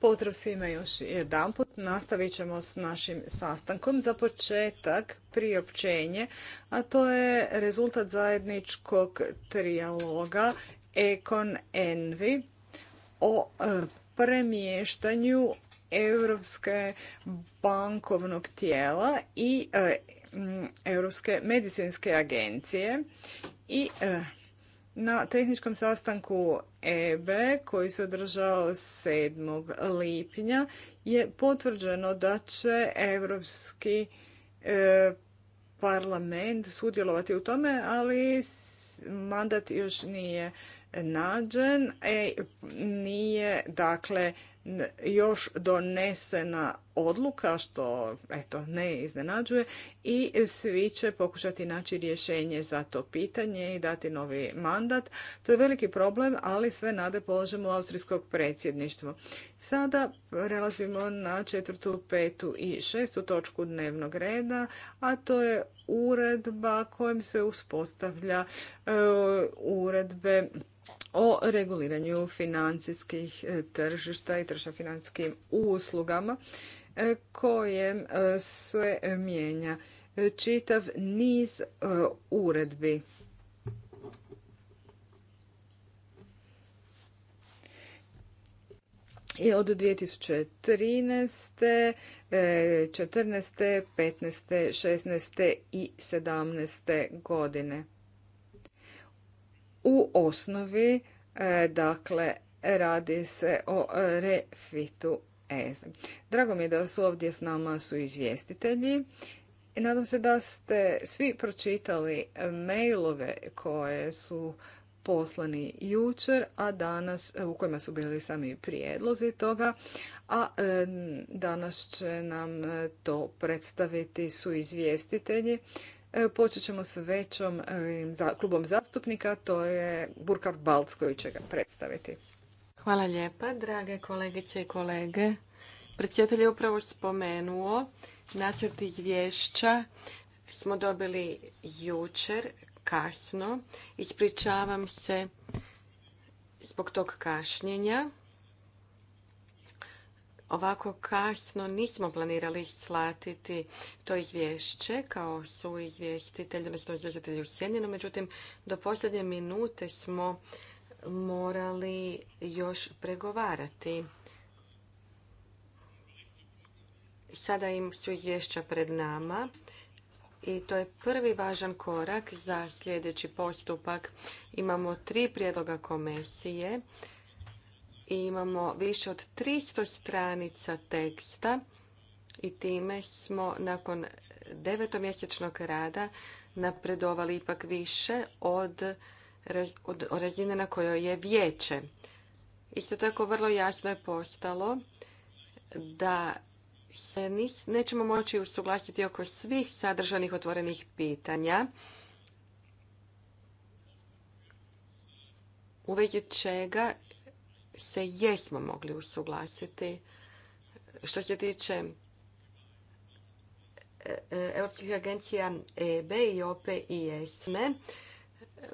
Pozdrav svima još jedanput. Nastavit ćemo s našim sastankom. Za početak priopćenje, a to je rezultat zajedničkog trijaloga Econ Envi o e, premještanju Europske bankovnog tijela i e, Europske medicinske agencije i e, na tehničkom sastanku eb koji se održao 7. lipnja je potvrđeno da će Europski e, parlament sudjelovati u tome, ali mandat još nije nađen, e, nije dakle još donesena odluka, što eto, ne iznenađuje, i svi će pokušati naći rješenje za to pitanje i dati novi mandat. To je veliki problem, ali sve nade polažemo u austrijskog predsjedništva. Sada prelazimo na četvrtu, petu i šestu točku dnevnog reda, a to je uredba kojom se uspostavlja e, uredbe o reguliranju financijskih e, tržišta i tržišta financijskim uslugama e, kojem e, se mijenja čitav niz uredbi. I od 2013. 14. 15. 16. i 17. godine. U osnovi, e, dakle, radi se o refitu EZ. Drago mi je da su ovdje s nama su izvjestitelji. I nadam se da ste svi pročitali mailove koje su poslani jučer, a danas, e, u kojima su bili sami prijedlozi toga, a e, danas će nam to predstaviti su izvjestitelji E, počet ćemo s većom e, klubom zastupnika, to je Burkar Balc koji će ga predstaviti. Hvala lijepa, drage kolegice i kolege. Predsjedatelj je upravo spomenuo nacrt izvješća smo dobili jučer kasno. Ispričavam se zbog tog kašnjenja ovako kasno nismo planirali slatiti to izvješće kao su izvjestitelj, odnosno izvjestitelj u Sjeni, međutim do posljednje minute smo morali još pregovarati. Sada im su izvješća pred nama i to je prvi važan korak za sljedeći postupak. Imamo tri prijedloga komisije imamo više od 300 stranica teksta i time smo nakon devetomjesečnog rada napredovali ipak više od, razine na kojoj je vijeće. Isto tako vrlo jasno je postalo da se nećemo moći usuglasiti oko svih sadržanih otvorenih pitanja. U vezi čega se jesmo mogli usuglasiti. Što se tiče e, e, europskih agencija EB i OP i ESME,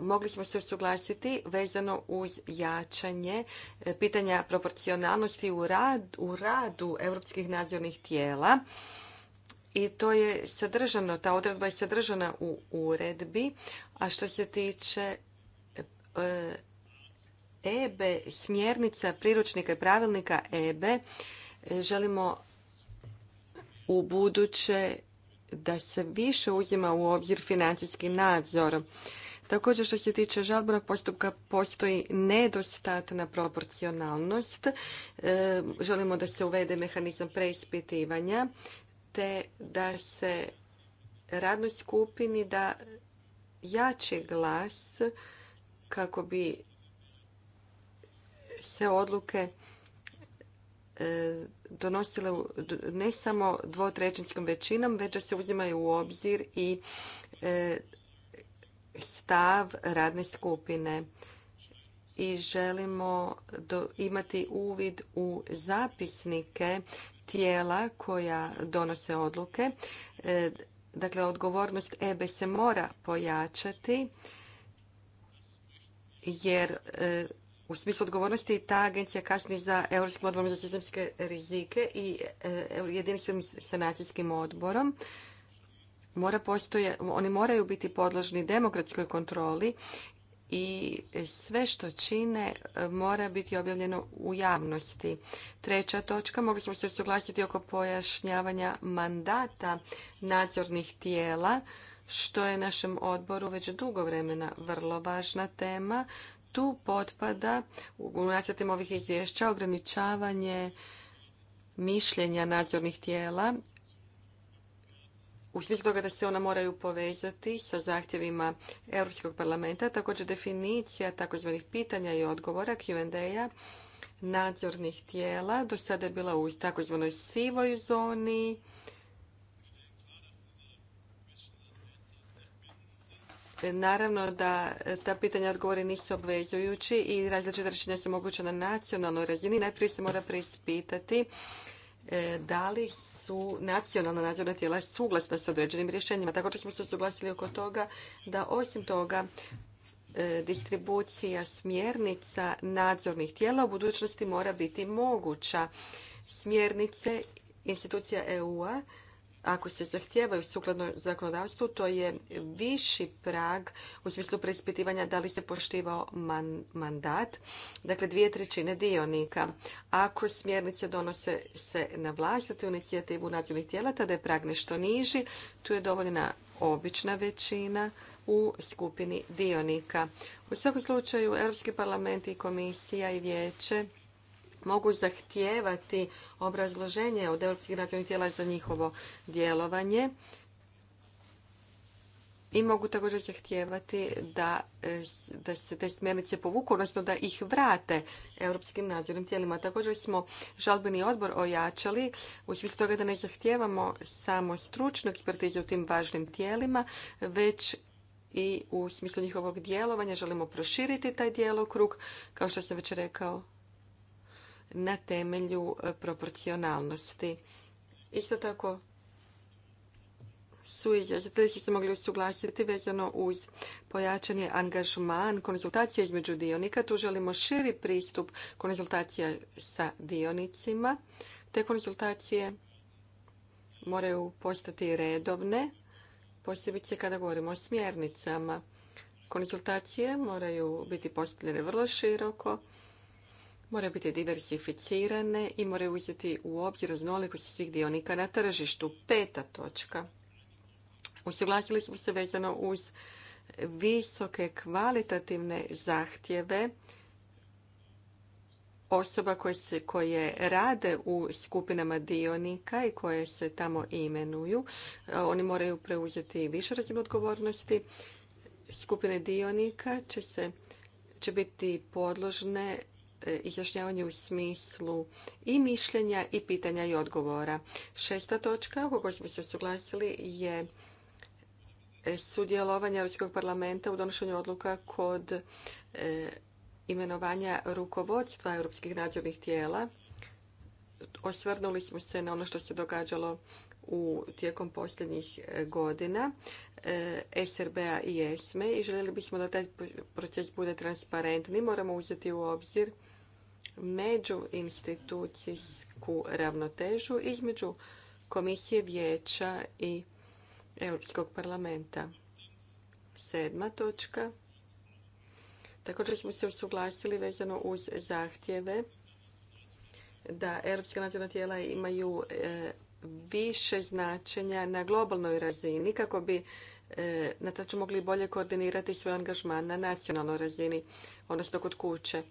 mogli smo se usuglasiti vezano uz jačanje e, pitanja proporcionalnosti u, rad, u radu europskih nadzornih tijela. I to je sadržano, ta odredba je sadržana u uredbi, a što se tiče EBE, smjernica priručnika i pravilnika EBE, e, želimo u buduće da se više uzima u obzir financijski nadzor. Također što se tiče žalbenog postupka postoji nedostatna proporcionalnost. E, želimo da se uvede mehanizam preispitivanja te da se radnoj skupini da jači glas kako bi se odluke e, donosile ne samo dvotrećinskom većinom, već da se uzimaju u obzir i e, stav radne skupine i želimo imati uvid u zapisnike tijela koja donose odluke. E, dakle, odgovornost EBE se mora pojačati jer u smislu odgovornosti ta agencija kasni za Europskim odborom za sistemske rizike i e, e, jedinstvenim sanacijskim odborom. Mora postoje, oni moraju biti podložni demokratskoj kontroli i sve što čine e, mora biti objavljeno u javnosti. Treća točka, mogli smo se usuglasiti oko pojašnjavanja mandata nadzornih tijela, što je našem odboru već dugo vremena vrlo važna tema tu potpada u nacrtima ovih izvješća ograničavanje mišljenja nadzornih tijela u smislu toga da se ona moraju povezati sa zahtjevima Europskog parlamenta, također definicija takozvanih pitanja i odgovora Q&A-a nadzornih tijela do sada je bila u takozvanoj sivoj zoni, Naravno da ta pitanja odgovori nisu obvezujući i različite rješenja su moguće na nacionalnoj razini. Najprije se mora preispitati e, da li su nacionalna nadzorna tijela suglasna s određenim rješenjima. Također smo se suglasili oko toga da osim toga e, distribucija smjernica nadzornih tijela u budućnosti mora biti moguća. Smjernice institucija EU-a ako se zahtijevaju sukladno zakonodavstvu, to je viši prag u smislu preispitivanja da li se poštivao mandat, dakle dvije trećine dionika. Ako smjernice donose se na vlastitu inicijativu nacionalnih tijela, tada je prag nešto niži, tu je dovoljna obična većina u skupini dionika. U svakom slučaju, Europski parlament i komisija i vijeće mogu zahtijevati obrazloženje od europskih nacionalnih tijela za njihovo djelovanje i mogu također zahtijevati da, da se te smjernice povuku, odnosno da ih vrate europskim nadzornim tijelima. Također smo žalbeni odbor ojačali u smislu toga da ne zahtijevamo samo stručnu ekspertizu u tim važnim tijelima, već i u smislu njihovog djelovanja želimo proširiti taj djelokrug, kao što sam već rekao na temelju e, proporcionalnosti. Isto tako su izvjestitelji su se mogli usuglasiti vezano uz pojačanje angažman, konzultacije između dionika. Tu želimo širi pristup konzultacija sa dionicima. Te konzultacije moraju postati redovne, posebice kada govorimo o smjernicama. Konzultacije moraju biti postavljene vrlo široko moraju biti diversificirane i moraju uzeti u obzir raznolikost svih dionika na tržištu. Peta točka. Usuglasili smo se vezano uz visoke kvalitativne zahtjeve osoba koje, se, koje rade u skupinama dionika i koje se tamo imenuju. Oni moraju preuzeti više razinu odgovornosti. Skupine dionika će, se, će biti podložne E, izjašnjavanje u smislu i mišljenja i pitanja i odgovora. Šesta točka u kojoj smo se usuglasili je e, sudjelovanje Europskog parlamenta u donošenju odluka kod e, imenovanja rukovodstva europskih nadzornih tijela. Osvrnuli smo se na ono što se događalo u tijekom posljednjih godina SRB-a i ESME i željeli bismo da taj proces bude transparentni. Moramo uzeti u obzir međuinstitucijsku ravnotežu između Komisije vijeća i Europskog parlamenta. Sedma točka. Također smo se usuglasili vezano uz zahtjeve da europska nacionalna tijela imaju e, više značenja na globalnoj razini kako bi e, na mogli bolje koordinirati svoj angažman na nacionalnoj razini, odnosno kod kuće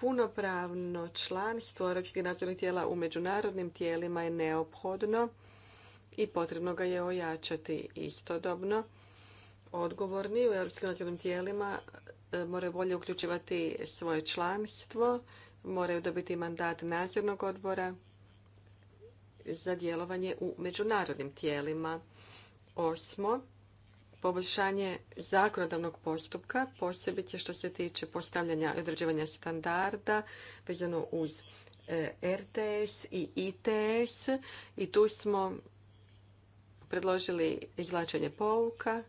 punopravno članstvo europskih nacionalnih tijela u međunarodnim tijelima je neophodno i potrebno ga je ojačati istodobno. Odgovorni u europskim nacionalnim tijelima e, moraju bolje uključivati svoje članstvo, moraju dobiti mandat nadzornog odbora za djelovanje u međunarodnim tijelima. Osmo, poboljšanje zakonodavnog postupka, posebice što se tiče postavljanja i određivanja standarda vezano uz e, RTS i ITS i tu smo predložili izvlačenje pouka.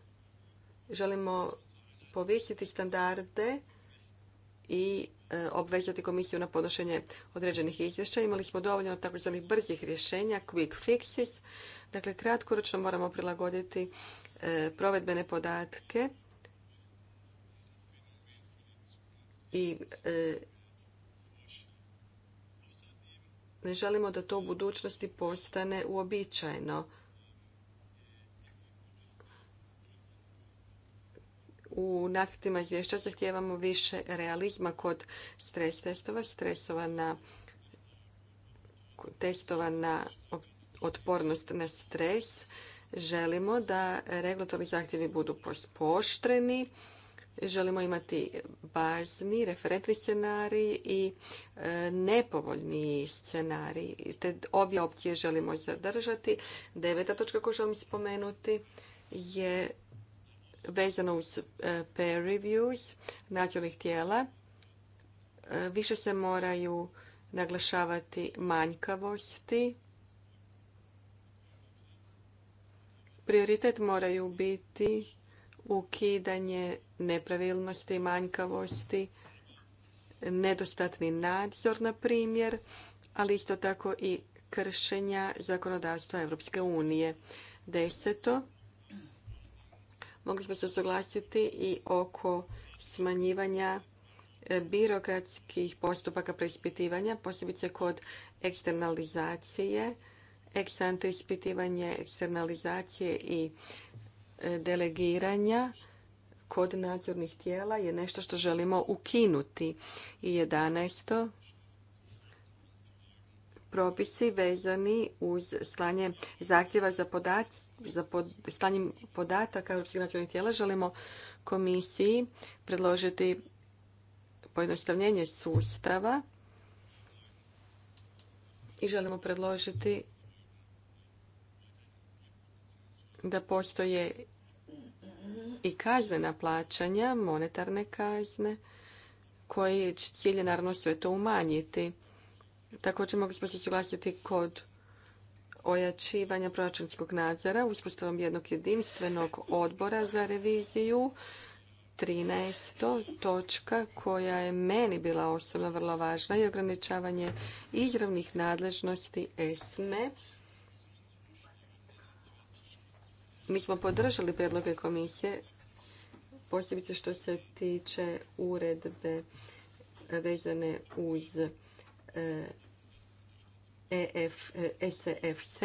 Želimo povisiti standarde i e, obvezati komisiju na podnošenje određenih izvješća. Imali smo dovoljno takozvanih brzih rješenja, quick fixes. Dakle, kratkoročno moramo prilagoditi E, provedbene podatke i e, ne želimo da to u budućnosti postane uobičajeno. U nacrtima izvješća zahtijevamo više realizma kod stres testova, stresova na testova na otpornost na stres Želimo da regulatorni zahtjevi budu pospoštreni, želimo imati bazni, referentni scenarij i e, nepovoljni scenarij. Te obje opcije želimo zadržati. Deveta točka koju želim spomenuti je vezano uz e, peer reviews nacionalnih tijela. E, više se moraju naglašavati manjkavosti Prioritet moraju biti ukidanje nepravilnosti, manjkavosti, nedostatni nadzor, na primjer, ali isto tako i kršenja zakonodavstva Europske unije. Deseto, mogli smo se usuglasiti i oko smanjivanja e, birokratskih postupaka preispitivanja, posebice kod eksternalizacije eksante ispitivanje eksternalizacije i e, delegiranja kod nadzornih tijela je nešto što želimo ukinuti. I 11. propisi vezani uz slanje zahtjeva za, slanjem podataka europskih nadzornih tijela želimo komisiji predložiti pojednostavljenje sustava i želimo predložiti da postoje i kaznena plaćanja, monetarne kazne, koje cilj je naravno sve to umanjiti. Također mogli smo se suglasiti kod ojačivanja proračunskog nadzora uspostavom jednog jedinstvenog odbora za reviziju. 13. točka koja je meni bila osobno vrlo važna i ograničavanje izravnih nadležnosti ESME Mi smo podržali predloge komisije, posebice što se tiče uredbe vezane uz e, e e, SEFC.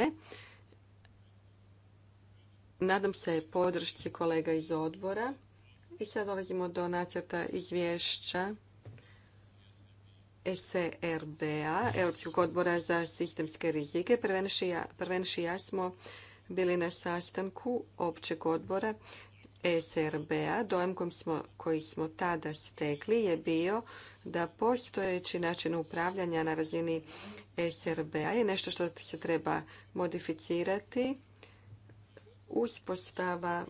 Nadam se podršci kolega iz odbora. I sad dolazimo do nacrta izvješća SRB-a, Europskog odbora za sistemske rizike. Prvenši ja smo bili na sastanku općeg odbora SRB-a. Dojem koji smo, tada stekli je bio da postojeći način upravljanja na razini SRB-a je nešto što se treba modificirati. Uspostava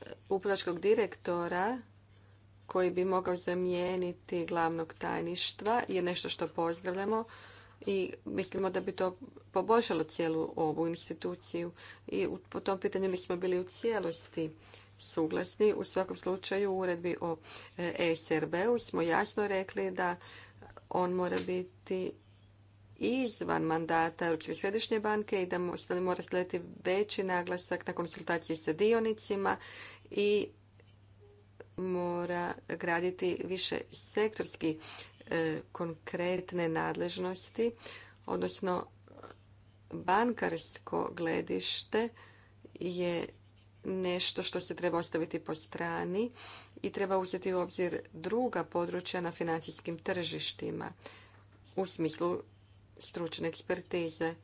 eh, upravačkog direktora koji bi mogao zamijeniti glavnog tajništva je nešto što pozdravljamo i mislimo da bi to poboljšalo cijelu ovu instituciju i po tom pitanju nismo bili u cijelosti suglasni. U svakom slučaju u uredbi o ESRB-u e smo jasno rekli da on mora biti izvan mandata Europske središnje banke i da mora slijediti veći naglasak na konsultacije sa dionicima i mora graditi više sektorski E, konkretne nadležnosti, odnosno bankarsko gledište je nešto što se treba ostaviti po strani i treba uzeti u obzir druga područja na financijskim tržištima u smislu stručne ekspertize.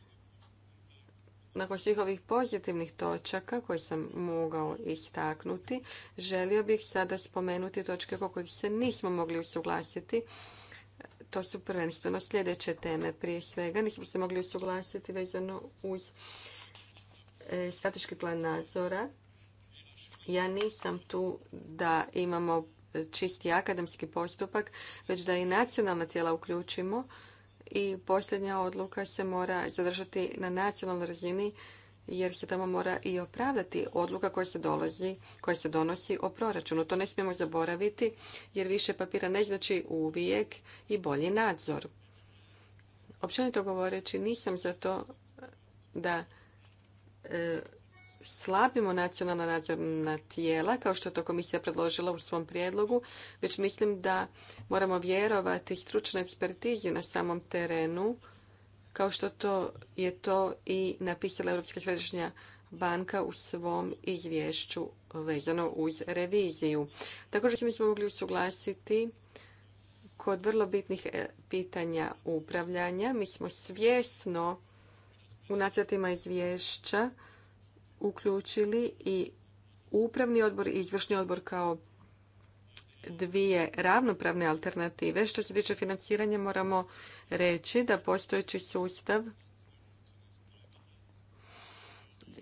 Nakon svih ovih pozitivnih točaka koje sam mogao istaknuti, želio bih sada spomenuti točke oko kojih se nismo mogli usuglasiti to su prvenstveno sljedeće teme prije svega. Nismo se mogli usuglasiti vezano uz e, strateški plan nadzora. Ja nisam tu da imamo čisti akademski postupak, već da i nacionalna tijela uključimo i posljednja odluka se mora zadržati na nacionalnoj razini jer se tamo mora i opravdati odluka koja se, dolazi, koja se donosi o proračunu. To ne smijemo zaboraviti jer više papira ne znači uvijek i bolji nadzor. Općenito govoreći nisam za to da e, slabimo nacionalna nadzorna tijela, kao što je to komisija predložila u svom prijedlogu, već mislim da moramo vjerovati stručnoj ekspertizi na samom terenu kao što to je to i napisala Europska središnja banka u svom izvješću vezano uz reviziju. Također se mi smo mogli usuglasiti kod vrlo bitnih e, pitanja upravljanja. Mi smo svjesno u nacrtima izvješća uključili i upravni odbor i izvršni odbor kao dvije ravnopravne alternative. Što se tiče financiranja moramo reći da postojeći sustav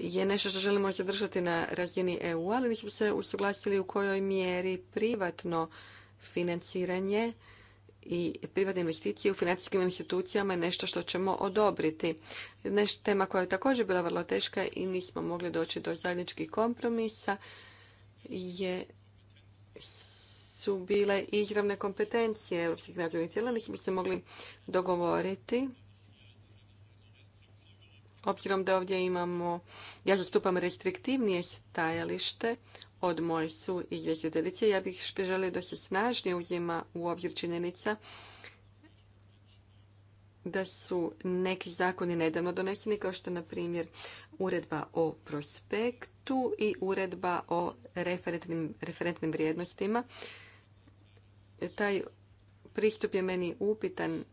je nešto što želimo zadržati na razini EU, ali nismo se usuglasili u kojoj mjeri privatno financiranje i privatne investicije u financijskim institucijama je nešto što ćemo odobriti. nešto tema koja je također bila vrlo teška i nismo mogli doći do zajedničkih kompromisa je su bile izravne kompetencije europskih nadzornih tijela, nismo se mogli dogovoriti. Obzirom da ovdje imamo, ja zastupam restriktivnije stajalište od moje su izvjestiteljice, ja bih želio da se snažnije uzima u obzir činjenica da su neki zakoni nedavno doneseni, kao što je, na primjer, uredba o prospektu i uredba o referentnim vrijednostima taj pristup je meni upitan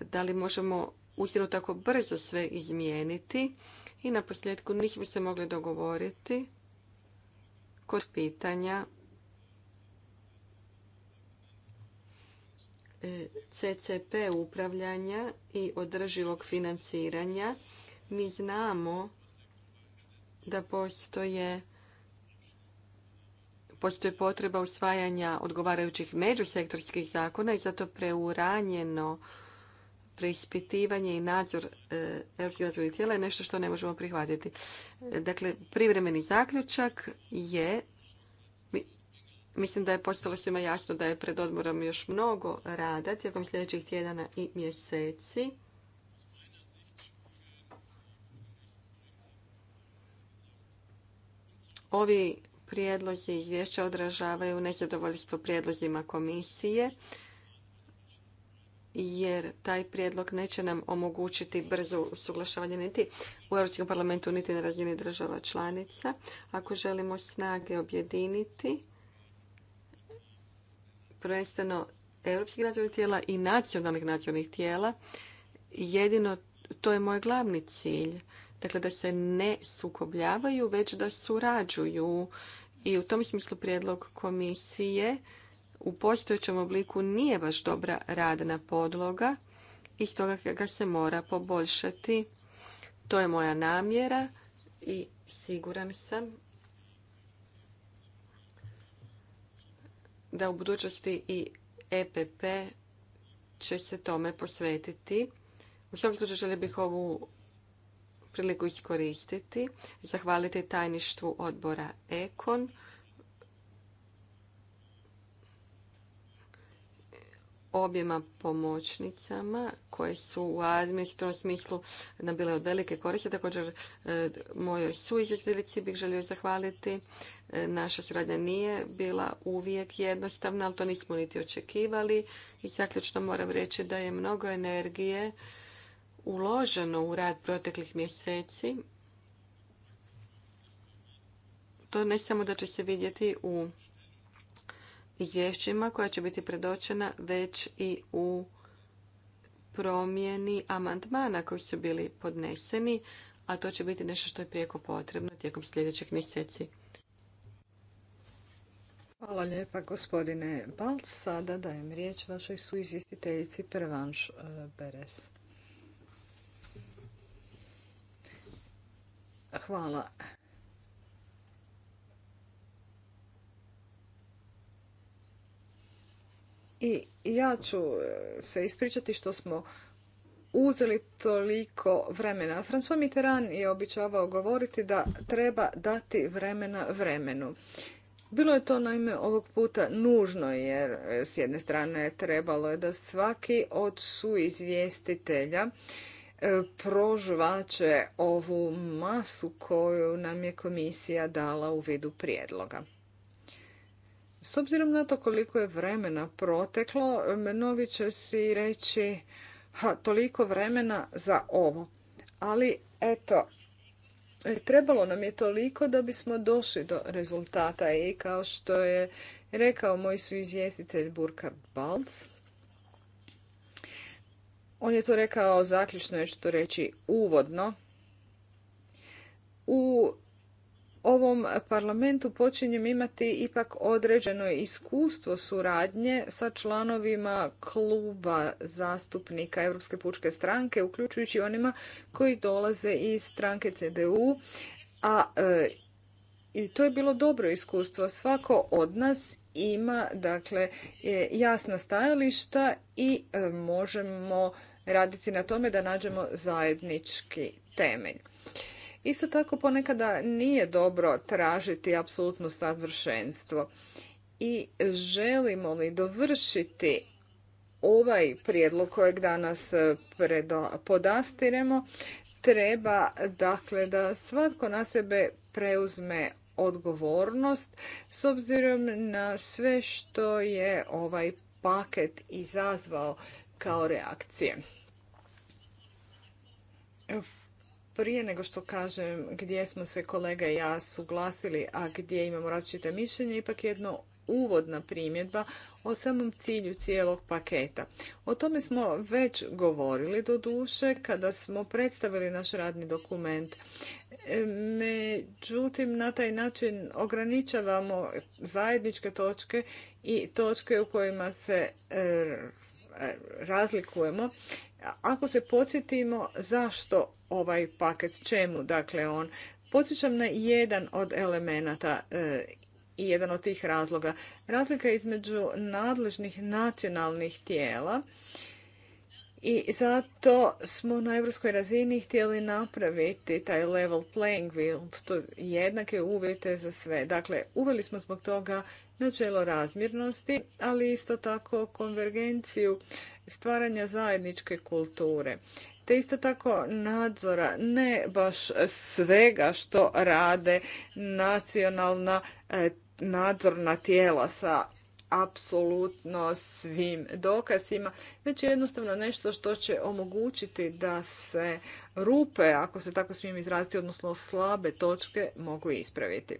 da li možemo uistinu tako brzo sve izmijeniti i na posljedku nismo se mogli dogovoriti kod pitanja e, CCP upravljanja i održivog financiranja. Mi znamo da postoje postoji potreba usvajanja odgovarajućih međusektorskih zakona i zato preuranjeno preispitivanje i nadzor e, europskih nadzornih tijela je nešto što ne možemo prihvatiti. E, dakle, privremeni zaključak je, mislim da je postalo svima jasno da je pred odmorom još mnogo rada tijekom sljedećih tjedana i mjeseci. Ovi prijedlozi izvješća odražavaju nezadovoljstvo prijedlozima komisije jer taj prijedlog neće nam omogućiti brzo usuglašavanje niti u Europskom parlamentu niti na razini država članica. Ako želimo snage objediniti, prvenstveno europskih nacionalnih tijela i nacionalnih nacionalnih tijela, jedino to je moj glavni cilj. Dakle, da se ne sukobljavaju, već da surađuju. I u tom smislu prijedlog komisije u postojećem obliku nije baš dobra radna podloga i stoga ga se mora poboljšati. To je moja namjera i siguran sam da u budućnosti i EPP će se tome posvetiti. U svakom slučaju želio bih ovu priliku iskoristiti, zahvaliti tajništvu odbora Ekon. objema pomoćnicama koje su u administrativnom smislu nabile bile od velike koriste. Također e, mojoj suizvjestiteljici bih želio zahvaliti. E, naša suradnja nije bila uvijek jednostavna, ali to nismo niti očekivali. I zaključno moram reći da je mnogo energije uloženo u rad proteklih mjeseci, to ne samo da će se vidjeti u izvješćima koja će biti predočena, već i u promjeni amandmana koji su bili podneseni, a to će biti nešto što je prijeko potrebno tijekom sljedećeg mjeseci. Hvala lijepa gospodine Balc. Sada dajem riječ vašoj suizvjestiteljici Pervanš eh, Beres. Hvala. I ja ću e, se ispričati što smo uzeli toliko vremena. François Mitterrand je običavao govoriti da treba dati vremena vremenu. Bilo je to naime ovog puta nužno jer e, s jedne strane trebalo je da svaki od suizvjestitelja E, prožvače ovu masu koju nam je komisija dala u vidu prijedloga. S obzirom na to koliko je vremena proteklo, mnogi će si reći toliko vremena za ovo. Ali eto, e, trebalo nam je toliko da bismo došli do rezultata i kao što je rekao moj izvjestitelj Burka Balc, on je to rekao zaključno, što reći uvodno. U ovom parlamentu počinjem imati ipak određeno iskustvo suradnje sa članovima kluba zastupnika Europske pučke stranke, uključujući onima koji dolaze iz stranke CDU, a e, i to je bilo dobro iskustvo. Svako od nas ima dakle e, jasna stajališta i e, možemo raditi na tome da nađemo zajednički temelj. Isto tako ponekada nije dobro tražiti apsolutno savršenstvo. I želimo li dovršiti ovaj prijedlog kojeg danas e, podastiremo, treba dakle da svatko na sebe preuzme odgovornost s obzirom na sve što je ovaj paket izazvao kao reakcije. Prije nego što kažem gdje smo se kolega i ja suglasili, a gdje imamo različite mišljenja, ipak jedno uvodna primjedba o samom cilju cijelog paketa. O tome smo već govorili do duše kada smo predstavili naš radni dokument. E, međutim, na taj način ograničavamo zajedničke točke i točke u kojima se e, E, razlikujemo. Ako se podsjetimo zašto ovaj paket, čemu dakle on, podsjećam na jedan od elemenata e, i jedan od tih razloga. Razlika između nadležnih nacionalnih tijela i zato smo na europskoj razini htjeli napraviti taj level playing field, jednake uvjete za sve. Dakle, uveli smo zbog toga načelo razmjernosti, ali isto tako konvergenciju stvaranja zajedničke kulture. Te isto tako nadzora, ne baš svega što rade nacionalna e, nadzorna tijela sa apsolutno svim dokazima, već jednostavno nešto što će omogućiti da se rupe, ako se tako smijem izraziti, odnosno slabe točke mogu ispraviti.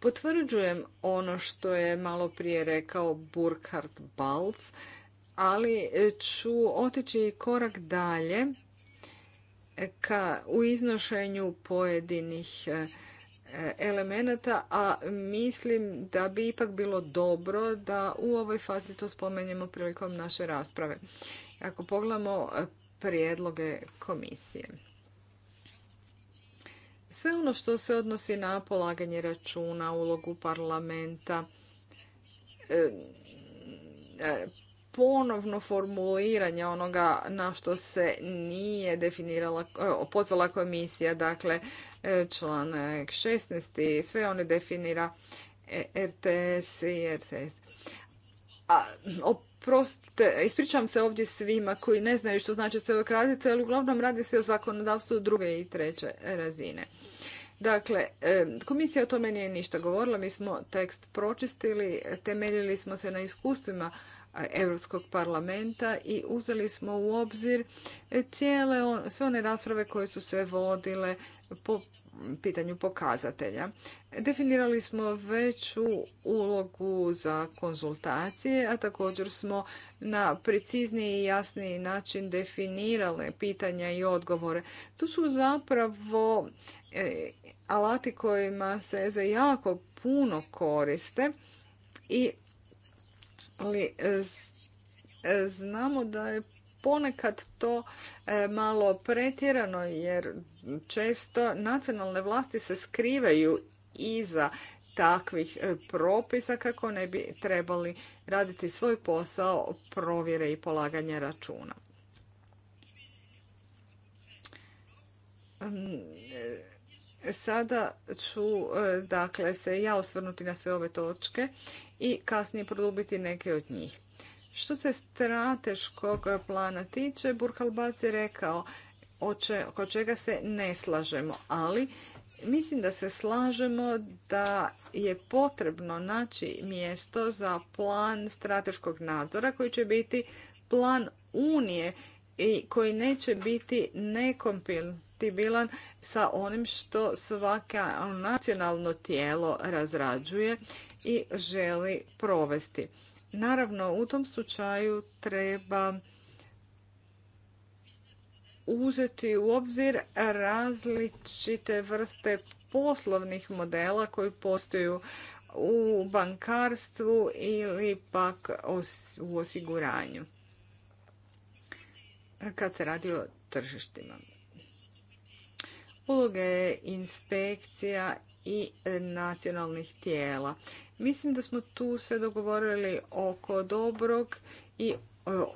Potvrđujem ono što je malo prije rekao Burkhard Balz, ali ću otići korak dalje ka u iznošenju pojedinih e, elemenata, a mislim da bi ipak bilo dobro da u ovoj fazi to spomenemo prilikom naše rasprave. Ako pogledamo e, prijedloge komisije. Sve ono što se odnosi na polaganje računa, ulogu parlamenta, e, e, ponovno formuliranje onoga na što se nije definirala, e, pozvala komisija, dakle članak 16. sve one definira RTS i RTS. A, oprostite, ispričavam se ovdje svima koji ne znaju što znači sve ove kratice, ali uglavnom radi se o zakonodavstvu druge i treće razine. Dakle, e, komisija o tome nije ništa govorila, mi smo tekst pročistili, temeljili smo se na iskustvima Europskog parlamenta i uzeli smo u obzir e, cijele, sve one rasprave koje su se vodile po pitanju pokazatelja. Definirali smo veću ulogu za konzultacije, a također smo na precizniji i jasniji način definirale pitanja i odgovore. To su zapravo e, alati kojima se za jako puno koriste i ali e, e, znamo da je ponekad to e, malo pretjerano jer često nacionalne vlasti se skrivaju iza takvih e, propisa kako ne bi trebali raditi svoj posao provjere i polaganja računa. E, sada ću dakle, se ja osvrnuti na sve ove točke i kasnije produbiti neke od njih. Što se strateškog plana tiče, Bac je rekao oko čega se ne slažemo, ali mislim da se slažemo da je potrebno naći mjesto za plan strateškog nadzora koji će biti plan Unije i koji neće biti nekompatibilan sa onim što svaka nacionalno tijelo razrađuje i želi provesti. Naravno, u tom slučaju treba uzeti u obzir različite vrste poslovnih modela koji postoju u bankarstvu ili pak u osiguranju kad se radi o tržištima. Uloge inspekcija i nacionalnih tijela. Mislim da smo tu se dogovorili oko dobrog i e,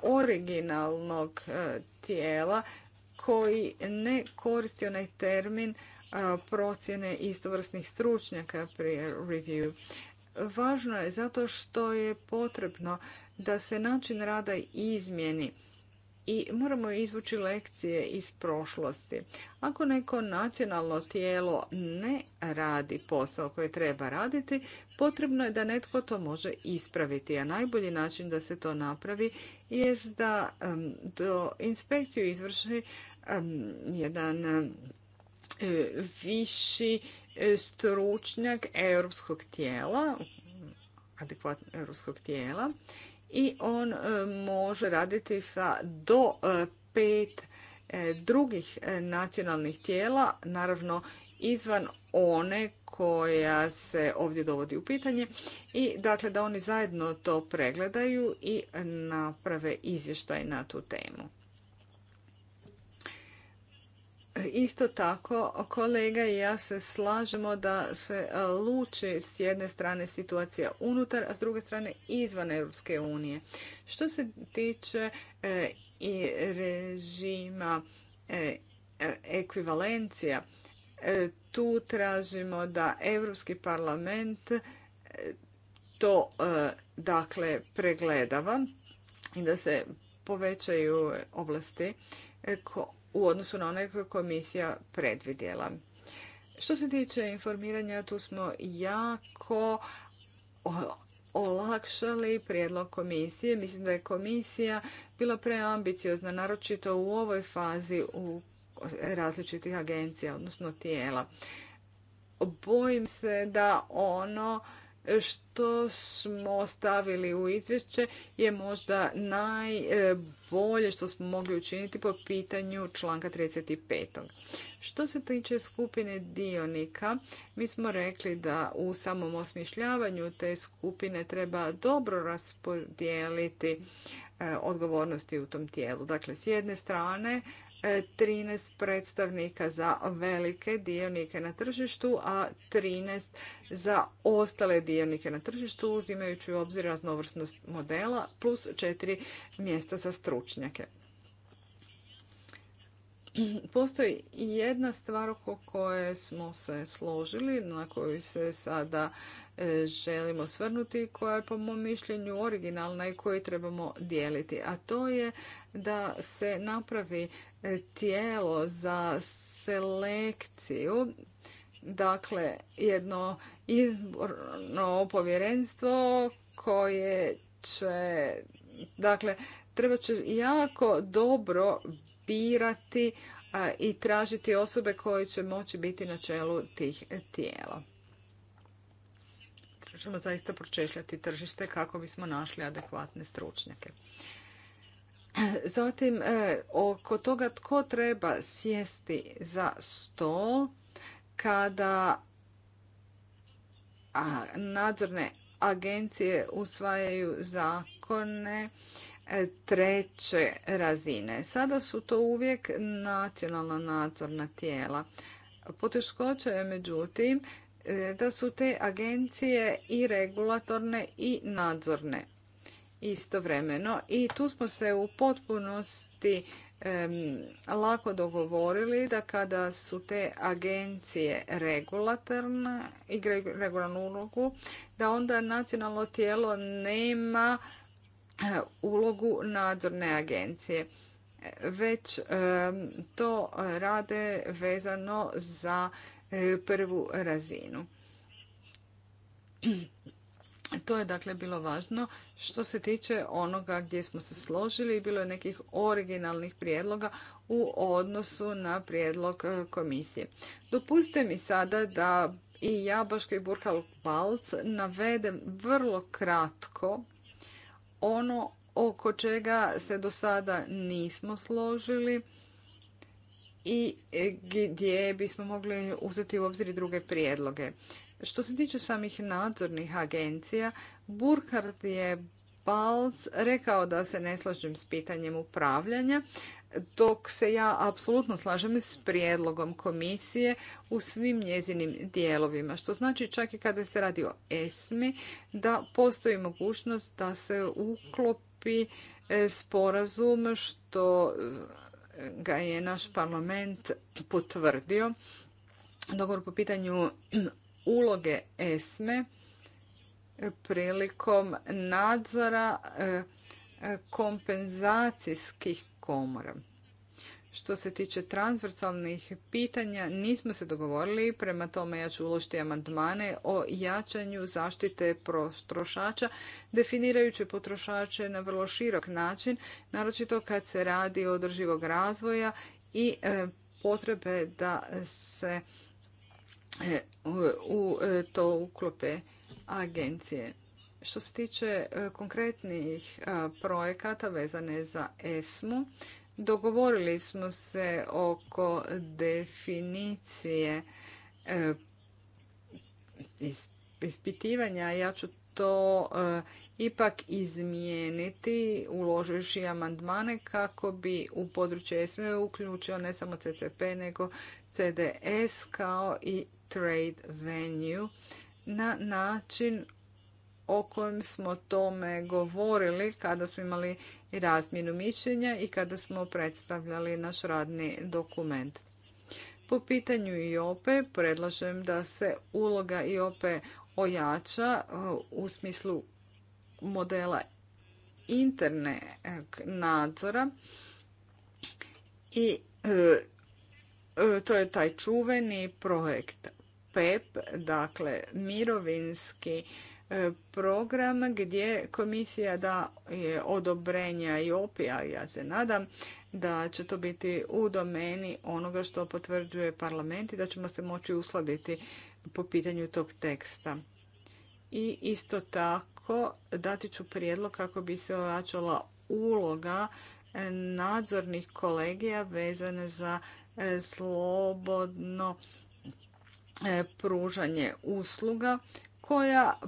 originalnog e, tijela koji ne koristi onaj termin e, procjene istovrsnih stručnjaka prije review. Važno je zato što je potrebno da se način rada izmjeni i moramo izvući lekcije iz prošlosti. Ako neko nacionalno tijelo ne radi posao koji treba raditi, potrebno je da netko to može ispraviti. A najbolji način da se to napravi je da do inspekciju izvrši jedan e, viši e, stručnjak europskog tijela, adekvatno europskog tijela, i on e, može raditi sa do e, pet e, drugih nacionalnih tijela, naravno izvan one koja se ovdje dovodi u pitanje i dakle da oni zajedno to pregledaju i naprave izvještaj na tu temu. Isto tako, kolega i ja se slažemo da se e, luči s jedne strane situacija unutar, a s druge strane izvan Europske unije. Što se tiče e, i režima e, ekvivalencija, tu tražimo da Europski parlament to dakle pregledava i da se povećaju oblasti u odnosu na koji koje komisija predvidjela. Što se tiče informiranja, tu smo jako olakšali prijedlog komisije. Mislim da je komisija bila preambiciozna, naročito u ovoj fazi u različitih agencija, odnosno tijela. Bojim se da ono što smo stavili u izvješće je možda najbolje što smo mogli učiniti po pitanju članka 35. Što se tiče skupine dionika, mi smo rekli da u samom osmišljavanju te skupine treba dobro raspodijeliti e, odgovornosti u tom tijelu. Dakle, s jedne strane 13 predstavnika za velike dionike na tržištu, a 13 za ostale dionike na tržištu, uzimajući u obzir raznovrsnost modela, plus 4 mjesta za stručnjake. (clears throat) Postoji jedna stvar oko koje smo se složili, na koju se sada e, želimo svrnuti, koja je po mom mišljenju originalna i koju trebamo dijeliti, a to je da se napravi e, tijelo za selekciju, dakle jedno izborno povjerenstvo koje će, dakle, treba će jako dobro birati i tražiti osobe koje će moći biti na čelu tih tijela. Trebamo zaista pročešljati tržište kako bismo našli adekvatne stručnjake. Zatim, e, oko toga tko treba sjesti za stol kada nadzorne agencije usvajaju zakone E, treće razine. Sada su to uvijek nacionalna nadzorna tijela. Poteškoća je međutim e, da su te agencije i regulatorne i nadzorne istovremeno i tu smo se u potpunosti lako dogovorili da kada su te agencije regulatorne, i regularnu ulogu, da onda nacionalno tijelo nema (clears throat) ulogu nadzorne agencije. Već to rade vezano za e, prvu razinu. (clears throat) To je dakle bilo važno što se tiče onoga gdje smo se složili i bilo je nekih originalnih prijedloga u odnosu na prijedlog e, komisije. Dopustite mi sada da i ja, baš i Burkal Balc, navedem vrlo kratko ono oko čega se do sada nismo složili i gdje bismo mogli uzeti u obzir druge prijedloge. Što se tiče samih nadzornih agencija, Burkhardt je Balc rekao da se ne slažem s pitanjem upravljanja, dok se ja apsolutno slažem s prijedlogom komisije u svim njezinim dijelovima, što znači čak i kada se radi o ESMI da postoji mogućnost da se uklopi e, sporazum što e, ga je naš parlament potvrdio. Dogovor po pitanju (clears throat) uloge ESME e, prilikom nadzora kompenzacijskih komora. Što se tiče transversalnih pitanja, nismo se dogovorili, prema tome ja ću uložiti amandmane o jačanju zaštite potrošača, definirajući potrošače na vrlo širok način, naročito kad se radi o održivog razvoja i e, potrebe da se e, u to uklope agencije. Što se tiče e, konkretnih e, projekata vezane za ESMU, dogovorili smo se oko definicije e, ispitivanja. Ja ću to ipak izmijeniti uloživši amandmane kako bi u područje ESMU uključio ne samo CCP nego CDS kao i trade venue na način o kojem smo tome govorili kada smo imali razmjenu mišljenja i kada smo predstavljali naš radni dokument. Po pitanju IOPE predlažem da se uloga IOPE ojača uh, u smislu modela interne uh, nadzora i uh, to je taj čuveni projekt PEP, e dakle mirovinski program gdje komisija da je odobrenja i opija. Ja se nadam da će to biti u domeni onoga što potvrđuje parlament i da ćemo se moći uskladiti po pitanju tog teksta. I isto tako dati ću prijedlog kako bi se ojačala uloga nadzornih kolegija vezane za e, slobodno e, pružanje usluga koja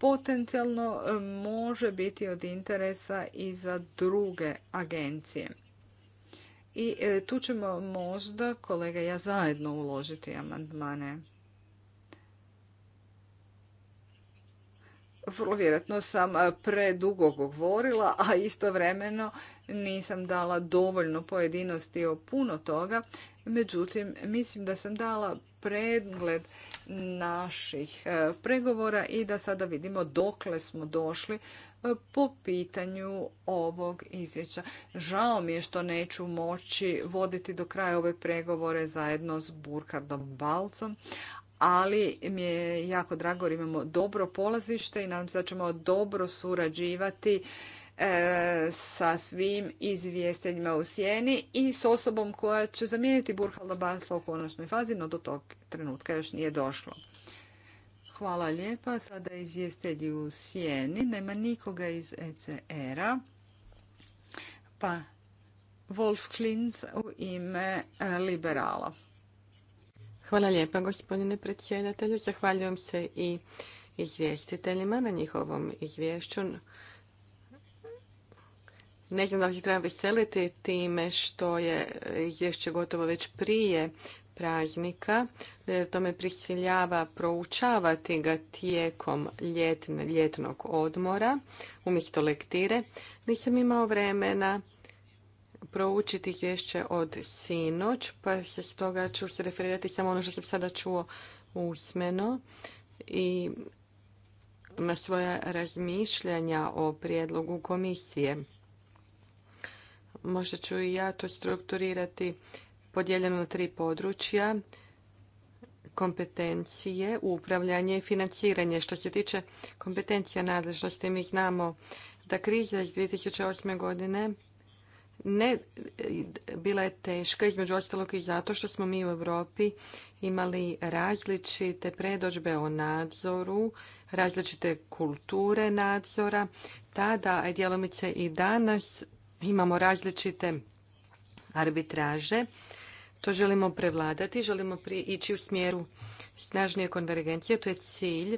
potencijalno e, može biti od interesa i za druge agencije. I e, tu ćemo možda, kolega, ja zajedno uložiti amandmane. vrlo vjerojatno sam eh, predugo govorila, a istovremeno nisam dala dovoljno pojedinosti o puno toga. Međutim, mislim da sam dala pregled naših eh, pregovora i da sada vidimo dokle smo došli eh, po pitanju ovog izvješća. Žao mi je što neću moći voditi do kraja ove pregovore zajedno s Burkardom Balcom, ali mi je jako drago jer imamo dobro polazište i nadam se da ćemo dobro surađivati e, sa svim izvijesteljima u sjeni i s osobom koja će zamijeniti Burhalda Basla u konačnoj fazi, no do tog trenutka još nije došlo. Hvala lijepa. Sada izvjestitelji u sjeni. Nema nikoga iz ECR-a. Pa Wolf Klins u ime e, liberala. Hvala lijepa gospodine predsjedatelju. Zahvaljujem se i izvjestiteljima na njihovom izvješću. Ne znam da li se treba veseliti time što je izvješće gotovo već prije praznika, jer to me prisiljava proučavati ga tijekom ljetnog odmora umjesto lektire. Nisam imao vremena proučiti izvješće od sinoć, pa se stoga ću se referirati samo ono što sam sada čuo usmeno i na svoja razmišljanja o prijedlogu komisije. Možda ću i ja to strukturirati podijeljeno na tri područja kompetencije, upravljanje i financiranje. Što se tiče kompetencija nadležnosti, mi znamo da kriza iz 2008. godine ne, e, bila je teška između ostalog i zato što smo mi u Europi imali različite predođbe o nadzoru, različite kulture nadzora. Tada, a djelomice i danas, imamo različite arbitraže. To želimo prevladati, želimo ići u smjeru snažnije konvergencije. To je cilj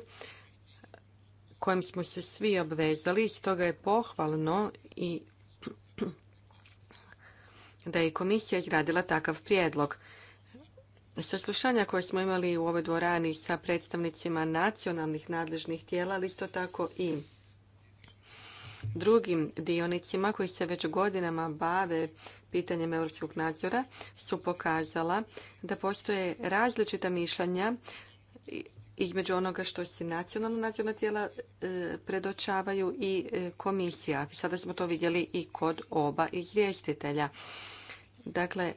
kojem smo se svi obvezali. i Stoga je pohvalno i da je komisija izradila takav prijedlog. Saslušanja koje smo imali u ovoj dvorani sa predstavnicima nacionalnih nadležnih tijela, ali isto tako i drugim dionicima koji se već godinama bave pitanjem europskog nadzora su pokazala da postoje različita mišljenja između onoga što se nacionalna nacionalna tijela e, predočavaju i e, komisija. Sada smo to vidjeli i kod oba izvjestitelja. Dakle,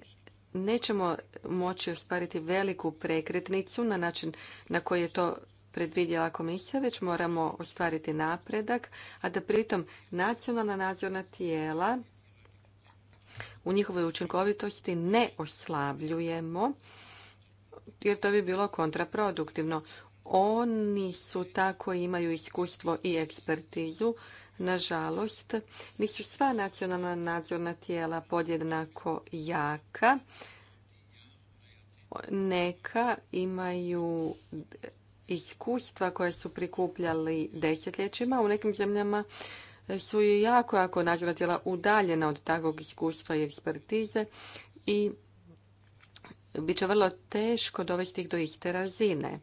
nećemo moći ostvariti veliku prekretnicu na način na koji je to predvidjela komisija, već moramo ostvariti napredak, a da pritom nacionalna nadzorna tijela u njihovoj učinkovitosti ne oslabljujemo, jer to bi bilo kontraproduktivno oni su tako koji imaju iskustvo i ekspertizu. Nažalost, nisu sva nacionalna nadzorna tijela podjednako jaka. Neka imaju iskustva koje su prikupljali desetljećima. U nekim zemljama su i jako, jako nadzorna tijela udaljena od takvog iskustva i ekspertize i bit će vrlo teško dovesti ih do iste razine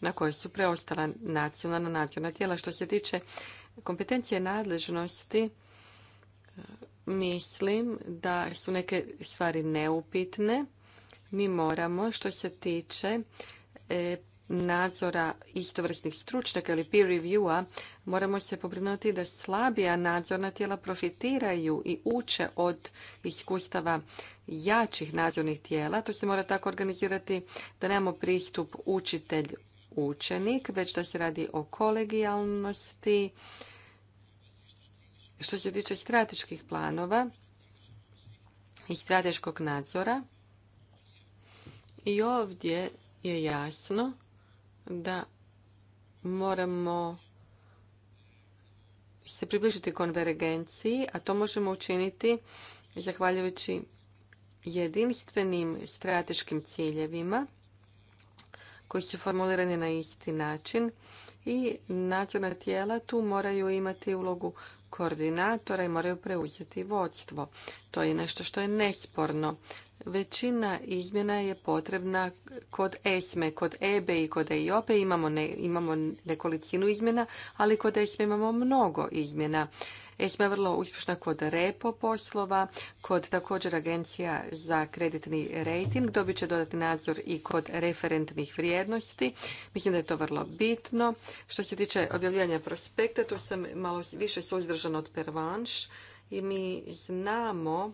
na koje su preostala nacionalna nacionalna tijela. Što se tiče kompetencije nadležnosti, mislim da su neke stvari neupitne. Mi moramo, što se tiče e, nadzora istovrsnih stručnjaka ili peer review-a, moramo se pobrinuti da slabija nadzorna tijela profitiraju i uče od iskustava jačih nadzornih tijela. To se mora tako organizirati da nemamo pristup učitelj učenik, već da se radi o kolegijalnosti. Što se tiče strateških planova i strateškog nadzora, i ovdje je jasno da moramo se približiti konvergenciji, a to možemo učiniti zahvaljujući jedinstvenim strateškim ciljevima – koji su formulirani na isti način i nadzorna tijela tu moraju imati ulogu koordinatora i moraju preuzeti vodstvo. To je nešto što je nesporno. Većina izmjena je potrebna kod ESME, kod EBE i kod eiop imamo, imamo nekolicinu izmjena, ali kod ESME e imamo mnogo izmjena. ESME e je vrlo uspješna kod repo poslova, kod također agencija za kreditni rating, dobit će dodatni nadzor i kod referentnih vrijednosti. Mislim da je to vrlo bitno. Što se tiče objavljivanja prospekta, tu sam malo više suzdržana od pervanš i mi znamo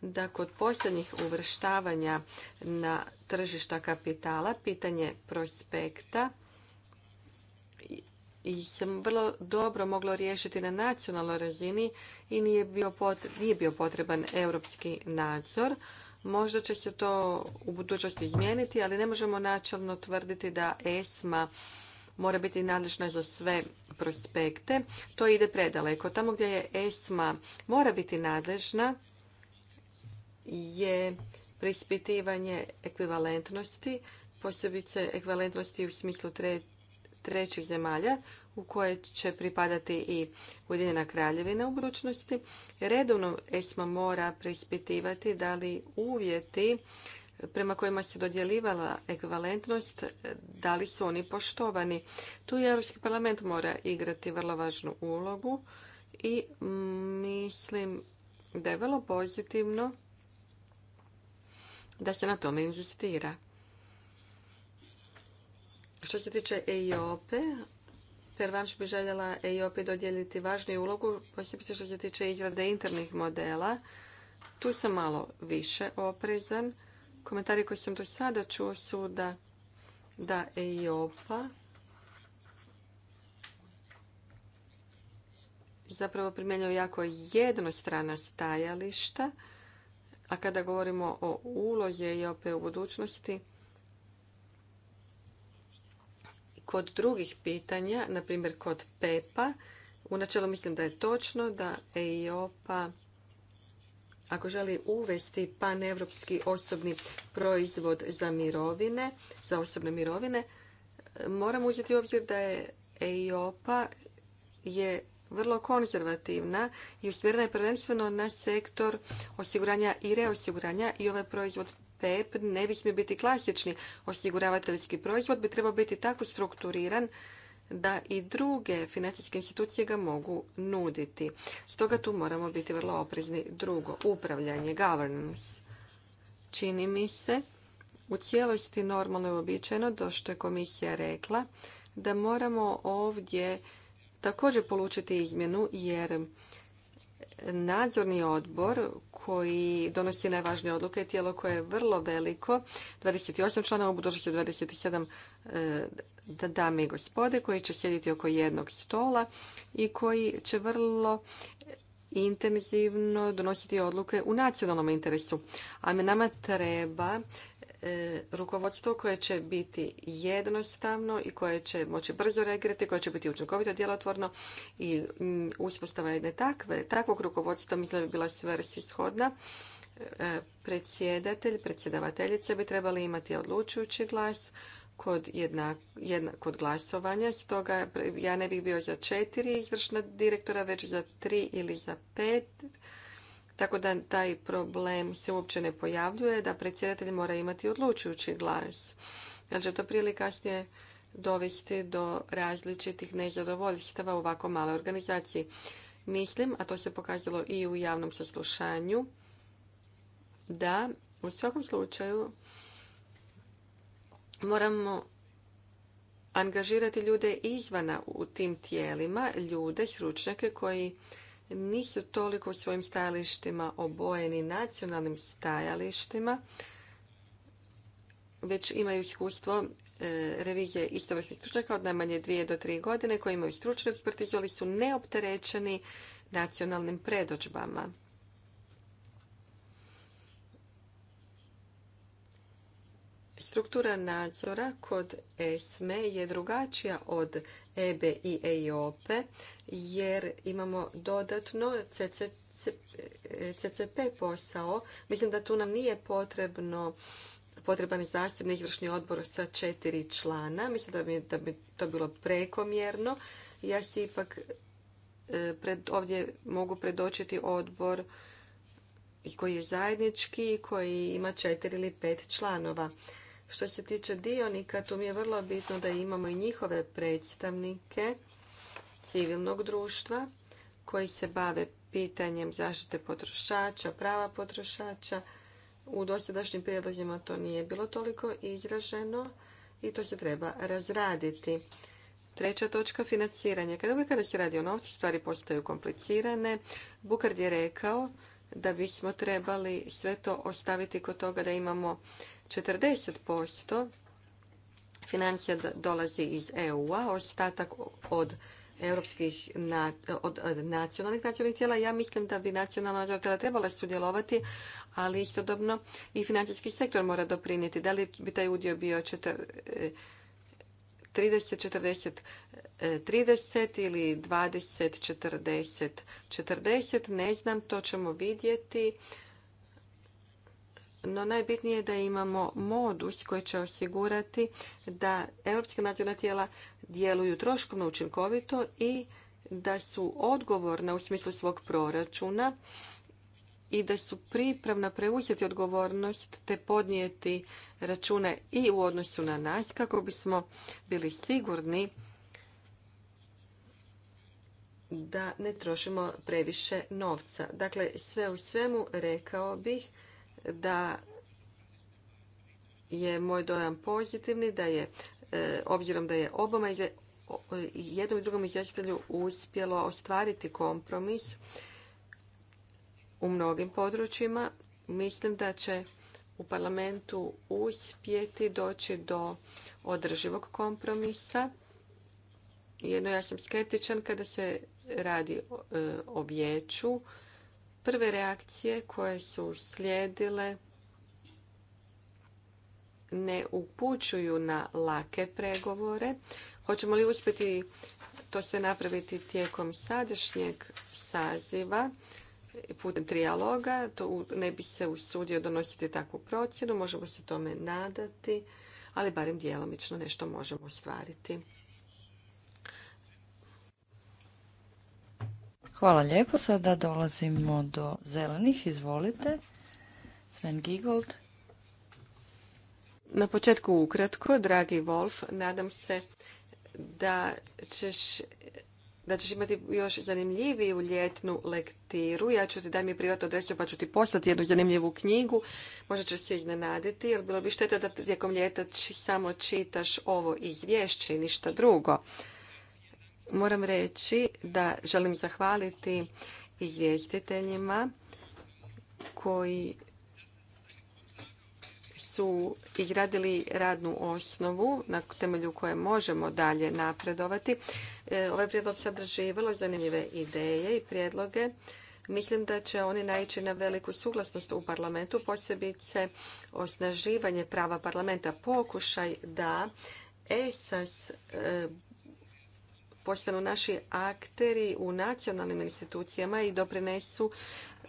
da kod posljednjih uvrštavanja na tržišta kapitala pitanje prospekta i se vrlo dobro moglo riješiti na nacionalnoj razini i nije bio, potreban, nije bio potreban europski nadzor. Možda će se to u budućnosti izmijeniti, ali ne možemo načelno tvrditi da ESMA mora biti nadležna za sve prospekte. To ide predaleko. Tamo gdje je ESMA mora biti nadležna, je preispitivanje ekvivalentnosti, posebice ekvivalentnosti u smislu trećih zemalja u koje će pripadati i Ujedinjena kraljevina u budućnosti. Redovno smo mora preispitivati da li uvjeti prema kojima se dodjelivala ekvivalentnost, da li su oni poštovani. Tu je Europski parlament mora igrati vrlo važnu ulogu i mislim da je vrlo pozitivno da se na tome inzistira. Što se tiče EIOPE, Pervanč bi željela EIOPE dodijeliti važniju ulogu, posebice što se tiče izrade internih modela. Tu sam malo više oprezan. Komentari koji sam do sada čuo su da, da EIOPA zapravo primjenjuje jako jednostrana stajališta a kada govorimo o ulozi EIOP u budućnosti, kod drugih pitanja, na primjer kod PEPA, u načelu mislim da je točno da EIOPA ako želi uvesti panevropski osobni proizvod za mirovine, za osobne mirovine, moramo uzeti u obzir da je EIOPA je vrlo konzervativna i usmjerena je prvenstveno na sektor osiguranja i reosiguranja i ovaj proizvod PEP e ne bi smio biti klasični osiguravateljski proizvod, bi trebao biti tako strukturiran da i druge financijske institucije ga mogu nuditi. Stoga tu moramo biti vrlo oprezni. Drugo, upravljanje, governance. Čini mi se u cijelosti normalno je uobičajeno do što je komisija rekla da moramo ovdje također polučiti izmjenu jer nadzorni odbor koji donosi najvažnije odluke je tijelo koje je vrlo veliko, 28 članova, budućnosti 27 e, dame i gospode koji će sjediti oko jednog stola i koji će vrlo intenzivno donositi odluke u nacionalnom interesu. A nama treba E, rukovodstvo koje će biti jednostavno i koje će moći brzo reagirati, koje će biti učinkovito, djelotvorno i mm, uspostava jedne takve, takvog rukovodstva mislim da bi bila svrsishodna. E, predsjedatelj, predsjedavateljice bi trebali imati odlučujući glas kod, jedna, kod glasovanja. Stoga ja ne bih bio za četiri izvršna direktora, već za tri ili za pet tako da taj problem se uopće ne pojavljuje, da predsjedatelj mora imati odlučujući glas. će to prije ili kasnije dovesti do različitih nezadovoljstava u ovako maloj organizaciji. Mislim, a to se pokazalo i u javnom saslušanju, da u svakom slučaju moramo angažirati ljude izvana u tim tijelima, ljude, stručnjake koji nisu toliko u svojim stajalištima obojeni nacionalnim stajalištima, već imaju iskustvo e, revizije istovrsnih stručnjaka od najmanje dvije do tri godine koji imaju stručnu ekspertizu, ali su neopterećeni nacionalnim predođbama. Struktura nadzora kod ESME je drugačija od EBE i EIOPE jer imamo dodatno CCP posao. Mislim da tu nam nije potrebno potreban zasebni izvršni odbor sa četiri člana. Mislim da bi, da bi to bilo prekomjerno. Ja si ipak e, pred, ovdje mogu predočiti odbor koji je zajednički i koji ima četiri ili pet članova. Što se tiče dionika, tu mi je vrlo bitno da imamo i njihove predstavnike civilnog društva koji se bave pitanjem zaštite potrošača, prava potrošača. U dosadašnjim prijedlozima to nije bilo toliko izraženo i to se treba razraditi. Treća točka, financiranje. Kada uvijek kada se radi o novcu, stvari postaju komplicirane. Bukard je rekao da bismo trebali sve to ostaviti kod toga da imamo 40% financija dolazi iz EU-a, ostatak od europskih od, nacionalnih nacionalnih tijela. Ja mislim da bi nacionalna nacionalna tijela trebala sudjelovati, ali istodobno i financijski sektor mora doprinijeti. Da li bi taj udio bio 30, 40, 30 ili 20, 40, 40, ne znam, to ćemo vidjeti no najbitnije je da imamo modus koji će osigurati da europska nacionalna tijela djeluju troškovno učinkovito i da su odgovorna u smislu svog proračuna i da su pripravna preuzeti odgovornost te podnijeti račune i u odnosu na nas kako bismo bili sigurni da ne trošimo previše novca. Dakle, sve u svemu rekao bih da je moj dojam pozitivni, da je, e, obzirom da je obama jednom i drugom izvjestitelju uspjelo ostvariti kompromis u mnogim područjima, mislim da će u parlamentu uspjeti doći do održivog kompromisa. Jedno ja sam skeptičan kada se radi o e, vijeću. Prve reakcije koje su slijedile ne upućuju na lake pregovore. Hoćemo li uspjeti to sve napraviti tijekom sadašnjeg saziva putem trijaloga? To ne bi se usudio donositi takvu procjenu, možemo se tome nadati, ali barem djelomično nešto možemo ostvariti. Hvala lijepo. Sada dolazimo do zelenih. Izvolite. Sven Gigold. Na početku ukratko, dragi Wolf, nadam se da ćeš da ćeš imati još zanimljiviju ljetnu lektiru. Ja ću ti daj mi privatno adresu pa ću ti poslati jednu zanimljivu knjigu. Možda ćeš se iznenaditi, jer bilo bi šteta da tijekom ljeta samo čitaš ovo izvješće i ništa drugo. Moram reći da želim zahvaliti izvjestiteljima koji su izradili radnu osnovu na temelju koje možemo dalje napredovati. E, ovaj prijedlog sadrži vrlo zanimljive ideje i prijedloge. Mislim da će oni naići na veliku suglasnost u parlamentu, posebice osnaživanje prava parlamenta, pokušaj da ESAS e, postanu naši akteri u nacionalnim institucijama i doprinesu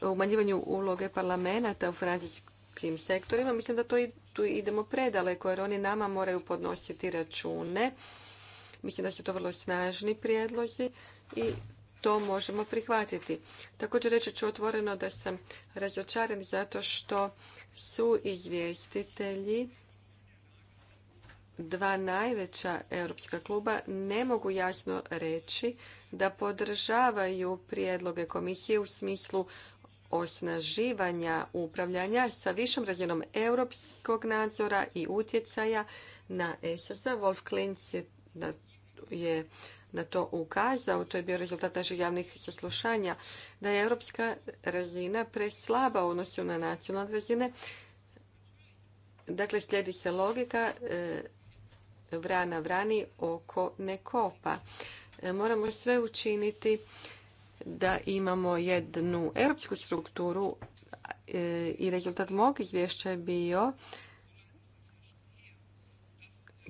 umanjivanju uloge parlamenta u francijskim sektorima. Mislim da to i, tu idemo predaleko jer oni nama moraju podnositi račune. Mislim da su to vrlo snažni prijedlozi i to možemo prihvatiti. Također reći ću otvoreno da sam razočaran zato što su izvjestitelji dva najveća europska kluba ne mogu jasno reći da podržavaju prijedloge komisije u smislu osnaživanja upravljanja sa višom razinom europskog nadzora i utjecaja na ESS. Wolf Klinz je na, je na to ukazao, to je bio rezultat naših javnih saslušanja, da je europska razina preslaba u odnosu na nacionalne razine. Dakle, slijedi se logika e, vrana vrani, oko nekopa. E, moramo sve učiniti da imamo jednu europsku strukturu e, i rezultat mog izvješća je bio,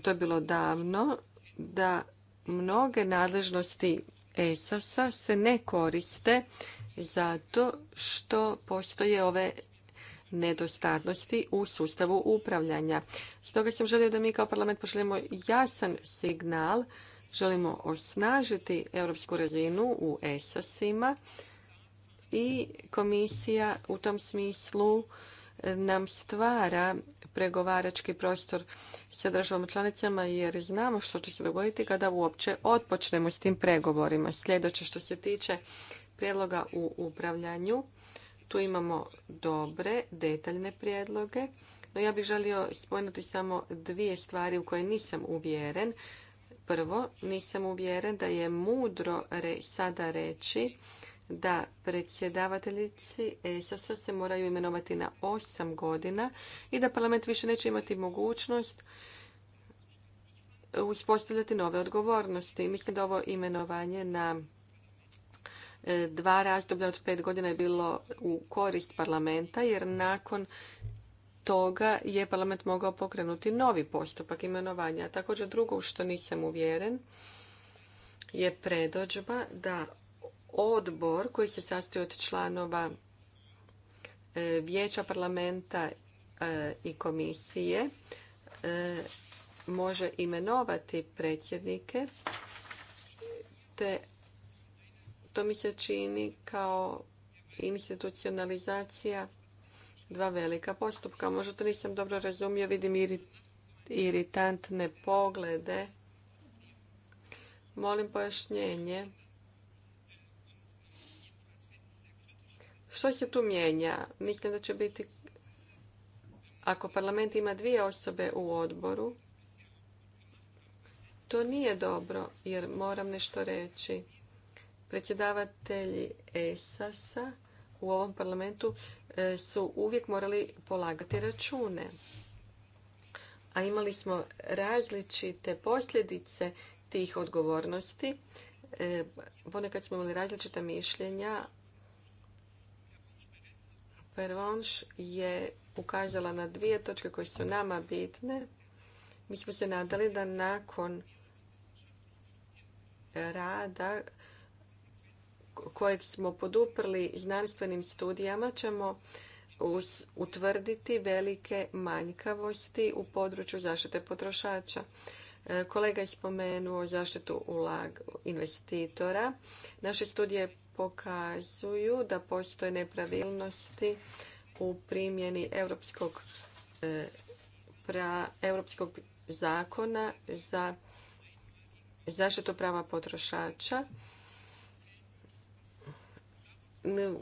to je bilo davno, da mnoge nadležnosti ESAS-a se ne koriste zato što postoje ove nedostatnosti u sustavu upravljanja. Stoga sam želio da mi kao parlament pošaljemo jasan signal, želimo osnažiti europsku razinu u ESAS-ima i komisija u tom smislu nam stvara pregovarački prostor sa državama članicama jer znamo što će se dogoditi kada uopće otpočnemo s tim pregovorima. Sljedeće što se tiče prijedloga u upravljanju, tu imamo dobre, detaljne prijedloge, no ja bih želio spomenuti samo dvije stvari u koje nisam uvjeren. Prvo, nisam uvjeren da je mudro sada reći da predsjedavateljici sos se moraju imenovati na osam godina i da parlament više neće imati mogućnost uspostavljati nove odgovornosti. Mislim da ovo imenovanje na E, dva razdoblja od pet godina je bilo u korist parlamenta jer nakon toga je parlament mogao pokrenuti novi postupak imenovanja. Također drugo u što nisam uvjeren je predođba da odbor koji se sastoji od članova e, vijeća parlamenta e, i komisije može imenovati predsjednike te to mi se čini kao institucionalizacija dva velika postupka. Možda to nisam dobro razumio, vidim iritantne poglede. Molim pojašnjenje. Što se tu mijenja? Mislim da će biti, ako parlament ima dvije osobe u odboru, to nije dobro, jer moram nešto reći. Predsjedavatelji ESAS-a u ovom parlamentu e, su uvijek morali polagati račune. A imali smo različite posljedice tih odgovornosti. E, ponekad smo imali različita mišljenja. Pervonš je ukazala na dvije točke koje su nama bitne. Mi smo se nadali da nakon rada kojeg smo poduprli znanstvenim studijama ćemo utvrditi velike manjkavosti u području zaštite potrošača. E, kolega je spomenuo zaštitu ulag investitora. Naše studije pokazuju da postoje nepravilnosti u primjeni europskog, e, pra, europskog zakona za zaštitu prava potrošača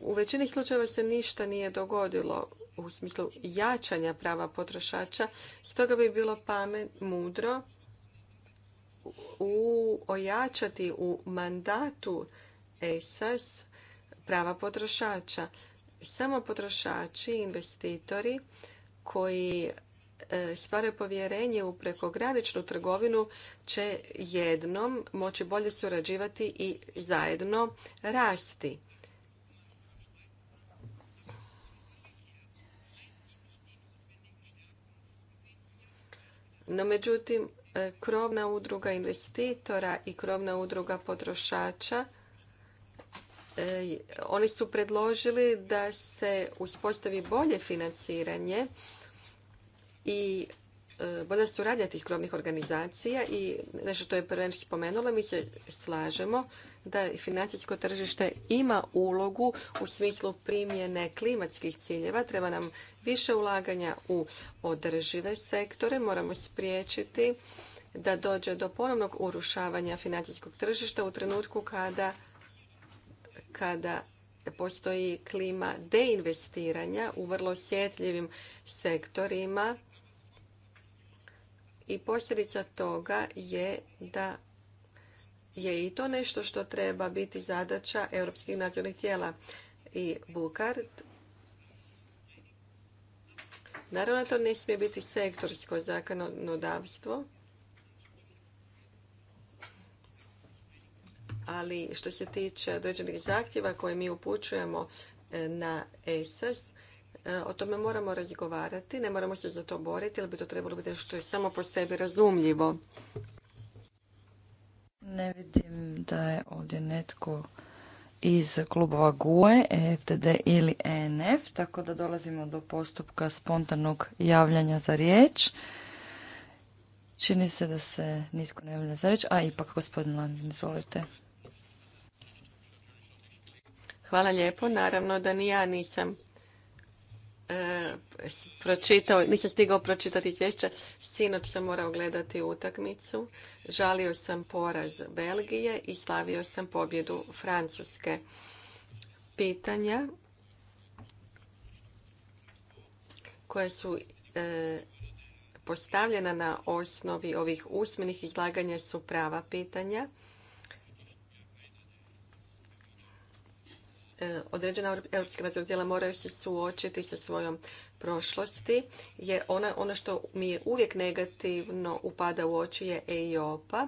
u većini slučajeva se ništa nije dogodilo u smislu jačanja prava potrošača, stoga bi bilo pamet, mudro u ojačati u mandatu ESAS prava potrošača. Samo potrošači, investitori koji e, stvaraju povjerenje u prekograničnu trgovinu će jednom moći bolje surađivati i zajedno rasti. No međutim, e, krovna udruga investitora i krovna udruga potrošača e, oni su predložili da se uspostavi bolje financiranje i e, bolja suradnja tih krovnih organizacija i nešto što je prvenički spomenula, mi se slažemo da financijsko tržište ima ulogu u smislu primjene klimatskih ciljeva. Treba nam više ulaganja u održive sektore. Moramo spriječiti da dođe do ponovnog urušavanja financijskog tržišta u trenutku kada, kada postoji klima deinvestiranja u vrlo osjetljivim sektorima i posljedica toga je da je i to nešto što treba biti zadaća europskih nadzornih tijela i Bukart. Naravno, to ne smije biti sektorsko zakonodavstvo, ali što se tiče određenih zahtjeva koje mi upućujemo e, na ESAS, e, o tome moramo razgovarati, ne moramo se za to boriti, ali bi to trebalo biti nešto što je samo po sebi razumljivo. Ne vidim da je ovdje netko iz klubova GUE, EFTD ili ENF, tako da dolazimo do postupka spontanog javljanja za riječ. Čini se da se nisko ne javlja za riječ, a ipak gospodin Landin, izvolite. Hvala lijepo. Naravno da ni ja nisam E, pročitao, nisam stigao pročitati izvješće, sinoć sam morao gledati utakmicu, žalio sam poraz Belgije i slavio sam pobjedu Francuske. Pitanja koja su e, postavljena na osnovi ovih usmenih izlaganja su prava pitanja. E, određena europska nadzorna tijela moraju se suočiti sa svojom prošlosti, je ona, ono što mi uvijek negativno upada u oči je EIOPA,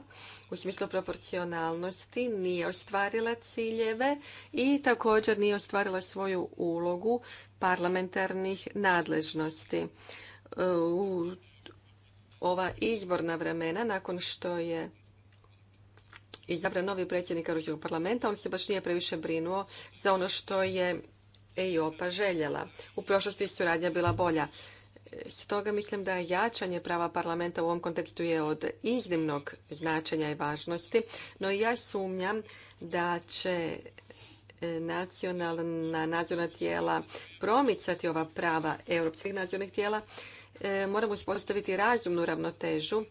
u smislu proporcionalnosti nije ostvarila ciljeve i također nije ostvarila svoju ulogu parlamentarnih nadležnosti. E, u ova izborna vremena, nakon što je izabran novi predsjednik Europskog parlamenta, on se baš nije previše brinuo za ono što je EIOPA željela. U prošlosti suradnja bila bolja. Stoga mislim da jačanje prava parlamenta u ovom kontekstu je od iznimnog značenja i važnosti, no ja sumnjam da će e, nacionalna nadzorna tijela promicati ova prava europskih nadzornih tijela. E, moramo uspostaviti razumnu ravnotežu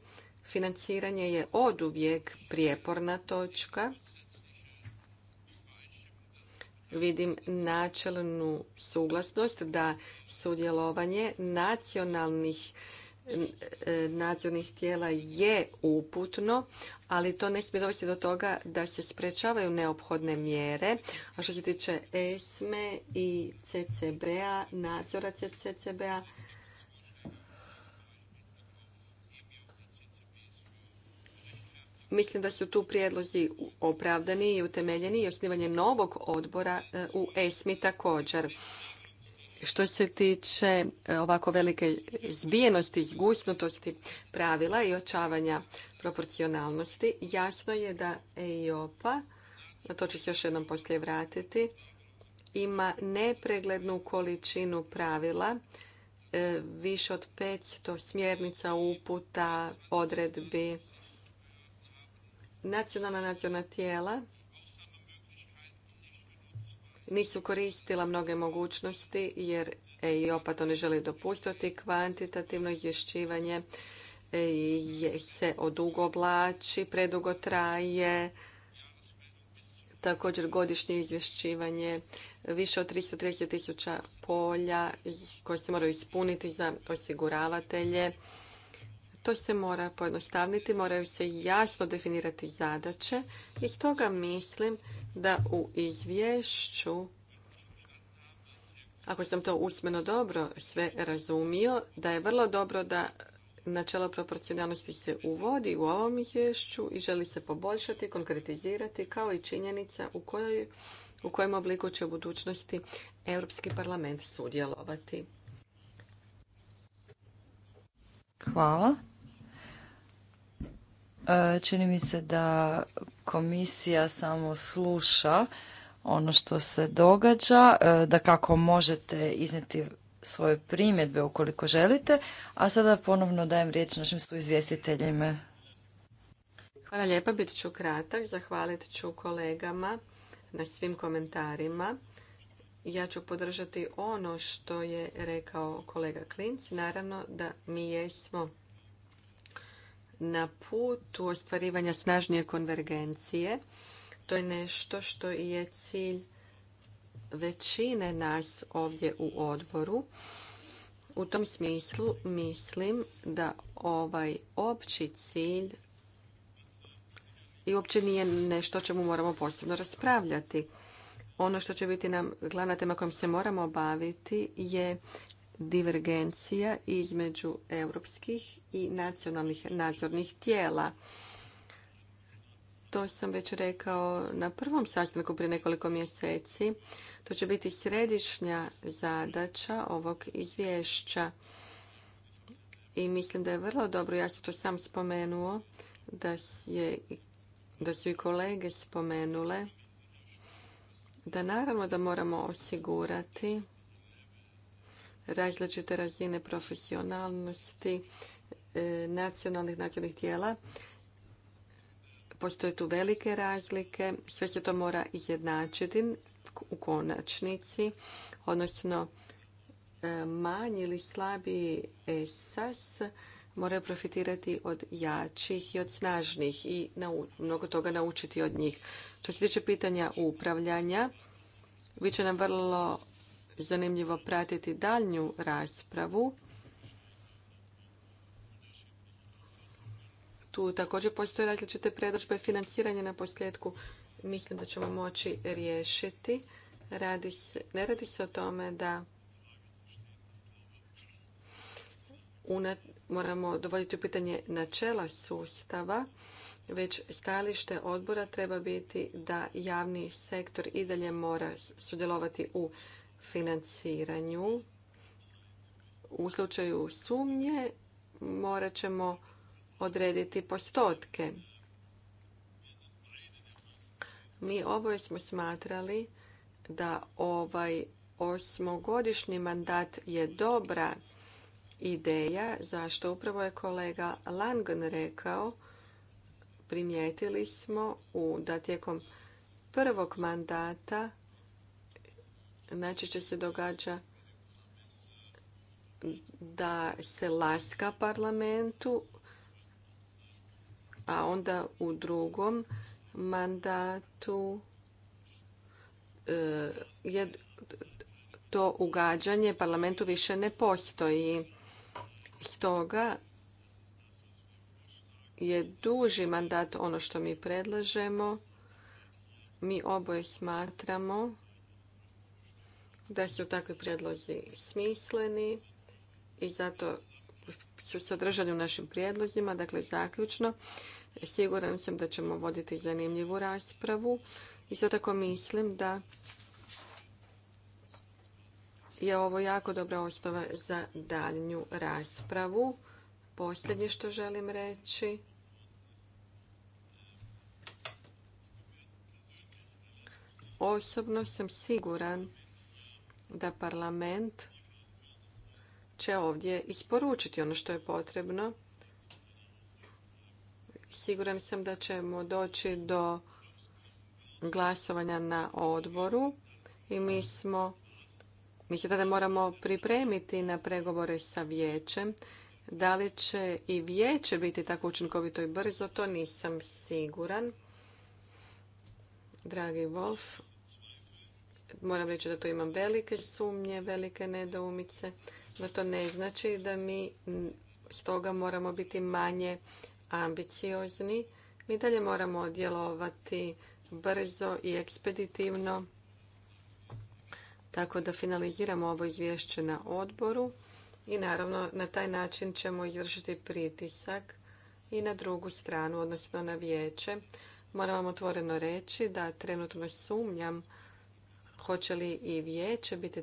Financiranje je oduvijek prijeporna točka. Vidim načelnu suglasnost da sudjelovanje nacionalnih nadzornih tijela je uputno, ali to ne smije dovesti do toga da se sprečavaju neophodne mjere. A što se tiče ESME i CCB-a, nadzora CCB-a, Mislim da su tu prijedlozi opravdani i utemeljeni i osnivanje novog odbora e, u ESMI također. Što se tiče e, ovako velike zbijenosti, zgusnutosti pravila i očavanja proporcionalnosti, jasno je da EIOPA, na to ću se još jednom poslije vratiti, ima nepreglednu količinu pravila, e, više od 500 smjernica, uputa, odredbi, nacionalna nacionalna tijela nisu koristila mnoge mogućnosti jer EIOPA to ne želi dopustiti. Kvantitativno izvješćivanje se odugovlači, predugo traje. Također godišnje izvješćivanje više od 330 tisuća polja koje se moraju ispuniti za osiguravatelje to se mora pojednostavniti, moraju se jasno definirati zadaće i toga mislim da u izvješću ako sam to usmeno dobro sve razumio, da je vrlo dobro da načelo proporcionalnosti se uvodi u ovom izvješću i želi se poboljšati, konkretizirati, kao i činjenica u, kojoj, u kojem obliku će u budućnosti Europski parlament sudjelovati. Hvala. E, čini mi se da komisija samo sluša ono što se događa, e, da kako možete iznijeti svoje primjedbe ukoliko želite, a sada ponovno dajem riječ našim izvjestiteljima. Hvala lijepa, bit ću kratak, zahvalit ću kolegama na svim komentarima. Ja ću podržati ono što je rekao kolega Klinc, naravno da mi jesmo na putu ostvarivanja snažnije konvergencije. To je nešto što je cilj većine nas ovdje u odboru. U tom smislu mislim da ovaj opći cilj i uopće nije nešto o čemu moramo posebno raspravljati. Ono što će biti nam glavna tema kojom se moramo baviti je divergencija između europskih i nacionalnih nadzornih tijela. To sam već rekao na prvom sastanku prije nekoliko mjeseci. To će biti središnja zadaća ovog izvješća. I mislim da je vrlo dobro, ja sam to sam spomenuo, da, je, da su i kolege spomenule da naravno da moramo osigurati različite razine profesionalnosti e, nacionalnih nacionalnih tijela. Postoje tu velike razlike, sve se to mora izjednačiti u konačnici, odnosno e, manji ili slabiji esas moraju profitirati od jačih i od snažnih i mnogo toga naučiti od njih. Što se tiče pitanja upravljanja, bit će nam vrlo zanimljivo pratiti daljnju raspravu. Tu također postoje različite predložbe financiranja na posljedku. Mislim da ćemo moći riješiti. ne radi se o tome da moramo dovoditi u pitanje načela sustava, već stajalište odbora treba biti da javni sektor i dalje mora sudjelovati u financiranju. U slučaju sumnje morat ćemo odrediti postotke. Mi oboje smo smatrali da ovaj osmogodišnji mandat je dobra ideja, zašto upravo je kolega Langen rekao, primijetili smo u, da tijekom prvog mandata najčešće se događa da se laska parlamentu, a onda u drugom mandatu e, je to ugađanje parlamentu više ne postoji. Stoga je duži mandat ono što mi predlažemo. Mi oboje smatramo da su takvi prijedlozi smisleni i zato su sadržani u našim prijedlozima. Dakle, zaključno, siguran sam da ćemo voditi zanimljivu raspravu. Isto tako mislim da je ovo jako dobra osnova za daljnju raspravu. Posljednje što želim reći. Osobno sam siguran da parlament će ovdje isporučiti ono što je potrebno. Siguran sam da ćemo doći do glasovanja na odboru i mi smo mi se tada moramo pripremiti na pregovore sa vijećem. Da li će i vijeće biti tako učinkovito i brzo, to nisam siguran. Dragi Wolf, moram reći da tu imam velike sumnje, velike nedoumice, no to ne znači da mi stoga moramo biti manje ambiciozni. Mi dalje moramo djelovati brzo i ekspeditivno, tako da finaliziramo ovo izvješće na odboru i naravno na taj način ćemo izvršiti pritisak i na drugu stranu, odnosno na vijeće. Moram vam otvoreno reći da trenutno sumnjam Hoće li i vijeće biti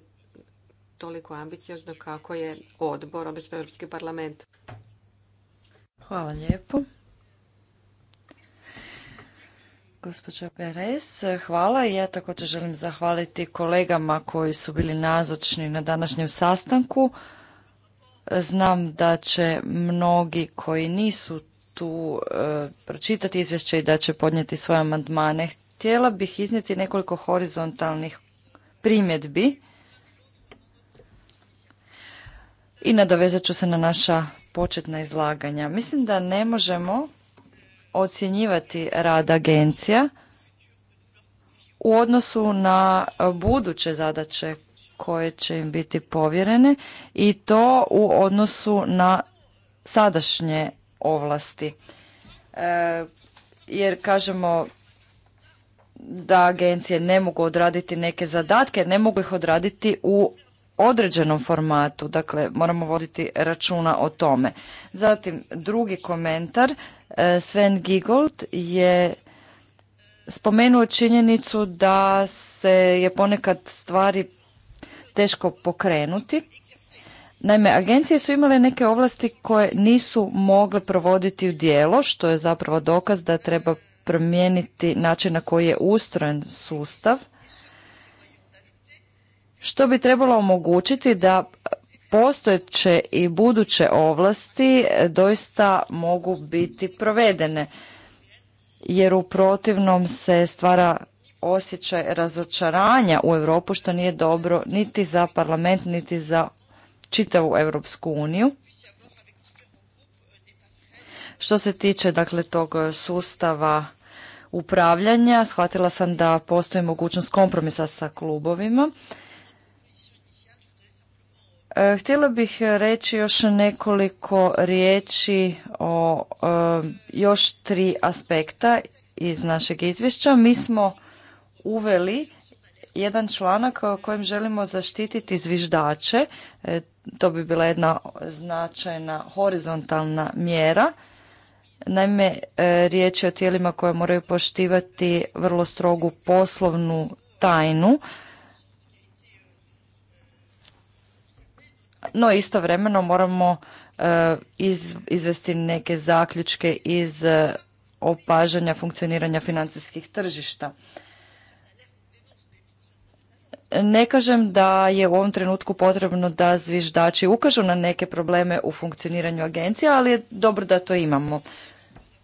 toliko ambiciozno kako je odbor, odnosno Europski parlament? Hvala lijepo. Gospođa Perez, hvala i ja također želim zahvaliti kolegama koji su bili nazočni na današnjem sastanku. Znam da će mnogi koji nisu tu e, pročitati izvješće i da će podnijeti svoje amandmane. Htjela bih iznijeti nekoliko horizontalnih primjedbi i nadovezat ću se na naša početna izlaganja. Mislim da ne možemo ocjenjivati rad agencija u odnosu na buduće zadaće koje će im biti povjerene i to u odnosu na sadašnje ovlasti. E, jer kažemo da agencije ne mogu odraditi neke zadatke, ne mogu ih odraditi u određenom formatu, dakle moramo voditi računa o tome. Zatim drugi komentar, e, Sven Gigold je spomenuo činjenicu da se je ponekad stvari teško pokrenuti. Naime, agencije su imale neke ovlasti koje nisu mogle provoditi u dijelo, što je zapravo dokaz da treba promijeniti način na koji je ustrojen sustav, što bi trebalo omogućiti da postojeće i buduće ovlasti doista mogu biti provedene, jer u protivnom se stvara osjećaj razočaranja u Europu što nije dobro niti za parlament niti za čitavu Europsku uniju. Što se tiče dakle tog sustava upravljanja. Shvatila sam da postoji mogućnost kompromisa sa klubovima. E, htjela bih reći još nekoliko riječi o e, još tri aspekta iz našeg izvješća. Mi smo uveli jedan članak kojem želimo zaštititi zviždače. E, to bi bila jedna značajna horizontalna mjera Naime, e, riječ je o tijelima koje moraju poštivati vrlo strogu poslovnu tajnu, no istovremeno moramo e, izvesti neke zaključke iz e, opažanja funkcioniranja financijskih tržišta. Ne kažem da je u ovom trenutku potrebno da zviždači ukažu na neke probleme u funkcioniranju agencija, ali je dobro da to imamo.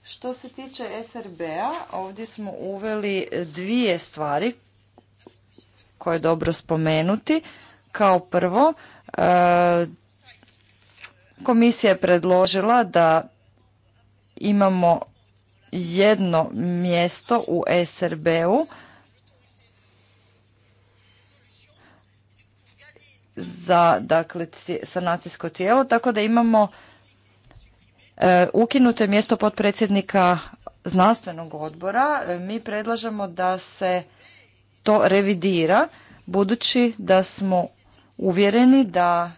Što se tiče SRB-a, ovdje smo uveli dvije stvari koje je dobro spomenuti. Kao prvo, e, komisija je predložila da imamo jedno mjesto u SRB-u za dakle, sanacijsko tijelo, tako da imamo E, Ukinuto je mjesto potpredsjednika znanstvenog odbora. E, mi predlažemo da se to revidira budući da smo uvjereni da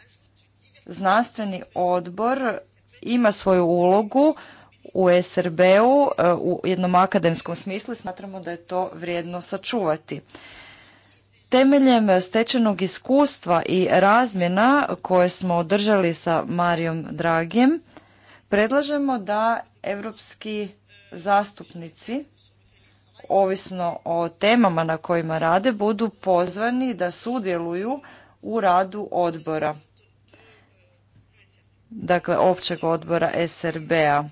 znanstveni odbor ima svoju ulogu u SRB-u e, u jednom akademskom smislu i smatramo da je to vrijedno sačuvati. Temeljem stečenog iskustva i razmjena koje smo održali sa Marijom Dragijem, Predlažemo da europski zastupnici ovisno o temama na kojima rade budu pozvani da sudjeluju u radu odbora. Dakle općeg odbora SRB-a. E,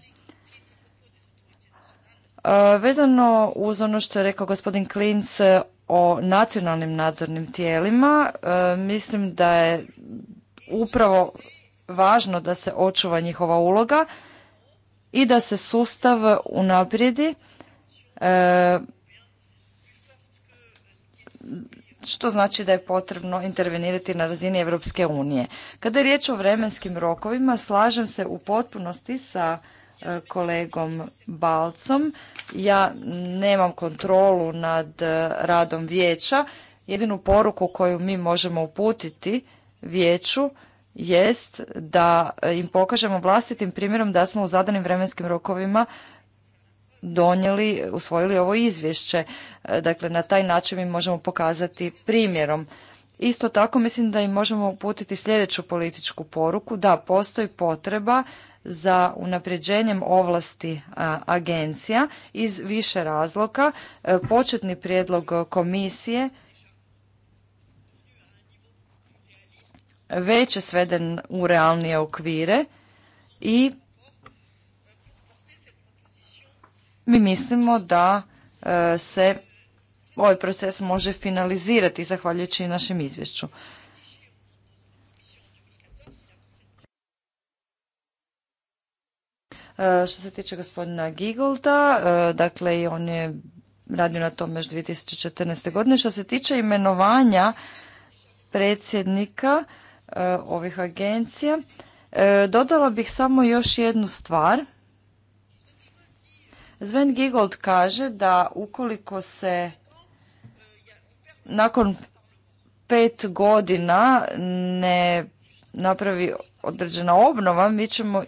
vezano uz ono što je rekao gospodin Klinc o nacionalnim nadzornim tijelima, e, mislim da je upravo važno da se očuva njihova uloga i da se sustav unaprijedi e, što znači da je potrebno intervenirati na razini Europske unije. Kada je riječ o vremenskim rokovima, slažem se u potpunosti sa e, kolegom Balcom. Ja nemam kontrolu nad e, radom vijeća. Jedinu poruku koju mi možemo uputiti vijeću jest da e, im pokažemo vlastitim primjerom da smo u zadanim vremenskim rokovima donijeli, usvojili ovo izvješće. E, dakle, na taj način mi možemo pokazati primjerom. Isto tako mislim da im možemo uputiti sljedeću političku poruku, da postoji potreba za unapređenjem ovlasti e, agencija iz više razloga. Početni prijedlog komisije već je sveden u realnije okvire i mi mislimo da e, se ovaj proces može finalizirati zahvaljujući našem izvješću. E, što se tiče gospodina Gigolda, e, dakle i on je radio na tome još 2014. godine. Što se tiče imenovanja predsjednika, Eh, ovih agencija. Eh, dodala bih samo još jednu stvar. Sven Gigold kaže da ukoliko se nakon pet godina ne napravi određena obnova, mi ćemo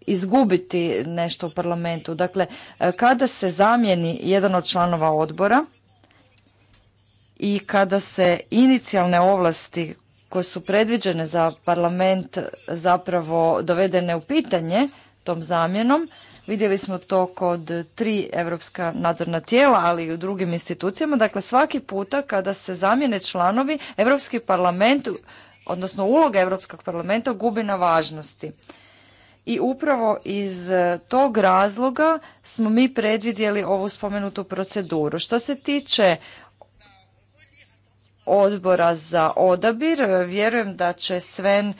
izgubiti nešto u parlamentu. Dakle, eh, kada se zamijeni jedan od članova odbora, i kada se inicijalne ovlasti koje su predviđene za parlament zapravo dovedene u pitanje tom zamjenom. Vidjeli smo to kod tri europska nadzorna tijela, ali i u drugim institucijama. Dakle, svaki puta kada se zamjene članovi, Europski parlament, odnosno uloga Europskog parlamenta gubi na važnosti. I upravo iz tog razloga smo mi predvidjeli ovu spomenutu proceduru. Što se tiče odbora za odabir. Vjerujem da će Sven